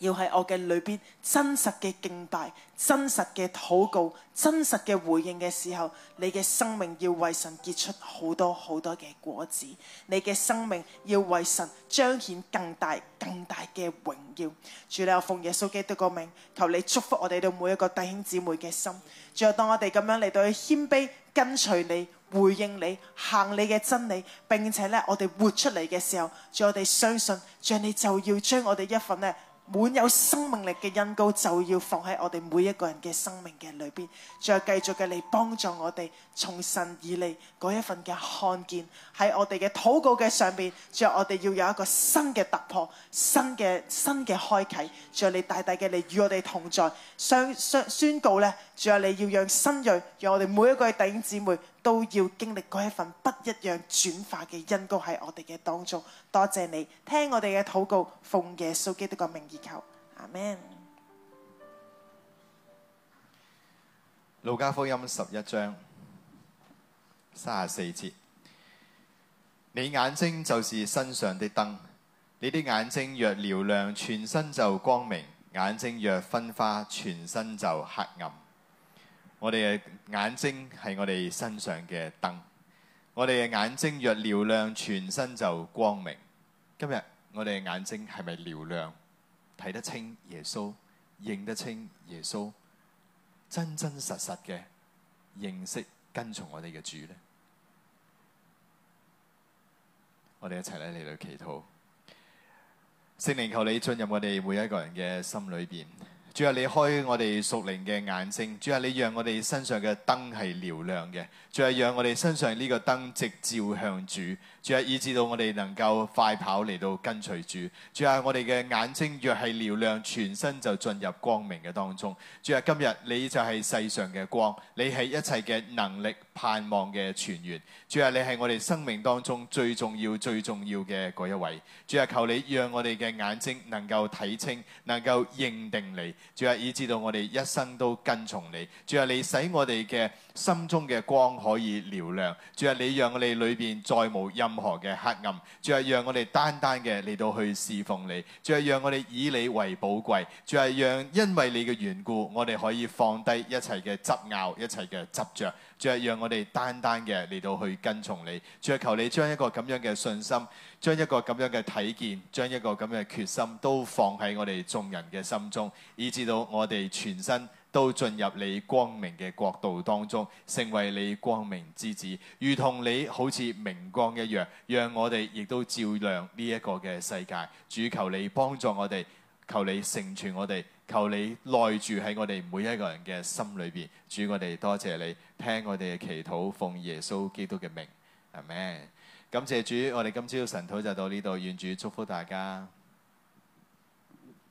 要喺我嘅裏邊真實嘅敬拜、真實嘅禱告、真實嘅回應嘅時候，你嘅生命要為神結出好多好多嘅果子。你嘅生命要為神彰顯更大更大嘅榮耀。主，你有奉耶穌基督嘅名，求你祝福我哋到每一個弟兄姊妹嘅心。仲有當我哋咁樣嚟到去謙卑跟隨你、回應你、行你嘅真理，並且咧，我哋活出嚟嘅時候，讓我哋相信，讓你就要將我哋一份呢。滿有生命力嘅恩膏就要放喺我哋每一個人嘅生命嘅裏邊，再繼續嘅嚟幫助我哋從神以嚟嗰一份嘅看見喺我哋嘅禱告嘅上面。最後我哋要有一個新嘅突破、新嘅新嘅開啟，再你大大嘅嚟與我哋同在，宣宣宣告呢，再你要讓新蕊，讓我哋每一個弟兄姊妹，都要經歷嗰一份不一樣轉化嘅恩膏喺我哋嘅當中，多謝你聽我哋嘅禱告，奉耶穌基督嘅名義求，阿門。《路加福音》十一章三十四節：你眼睛就是身上的燈，你的眼睛若嘹亮，全身就光明；眼睛若昏花，全身就黑暗。我哋嘅眼睛係我哋身上嘅燈，我哋嘅眼睛若瞭亮，全身就光明。今日我哋嘅眼睛係咪瞭亮，睇得清耶穌，認得清耶穌，真真實實嘅認識跟從我哋嘅主咧？我哋一齊咧嚟到祈禱，聖靈求你進入我哋每一個人嘅心裏面。主要你開我哋屬靈嘅眼睛，主要你讓我哋身上嘅燈係亮亮嘅，主要讓我哋身上呢個燈直照向主。主啊，以致到我哋能夠快跑嚟到跟隨主。主啊，我哋嘅眼睛若係嘹亮，亮，全身就進入光明嘅當中。主啊，今日你就係世上嘅光，你係一切嘅能力盼望嘅泉源。主啊，你係我哋生命當中最重要、最重要嘅嗰一位。主啊，求你讓我哋嘅眼睛能夠睇清，能夠認定你。主啊，以致到我哋一生都跟從你。主啊，你使我哋嘅心中嘅光可以嘹亮，仲係你讓我哋裏邊再無任何嘅黑暗，仲係讓我哋單單嘅嚟到去侍奉你，仲係讓我哋以你為寶貴，仲係讓因為你嘅緣故，我哋可以放低一切嘅執拗，一切嘅執着，仲係讓我哋單單嘅嚟到去跟從你，仲係求你將一個咁樣嘅信心，將一個咁樣嘅睇見，將一個咁嘅決心，都放喺我哋眾人嘅心中，以至到我哋全身。都進入你光明嘅國度當中，成為你光明之子，如同你好似明光一樣，讓我哋亦都照亮呢一個嘅世界。主求你幫助我哋，求你成全我哋，求你內住喺我哋每一個人嘅心裏邊。主，我哋多謝你，聽我哋嘅祈禱，奉耶穌基督嘅名，阿門。感謝主，我哋今朝神討就到呢度，願主祝福大家。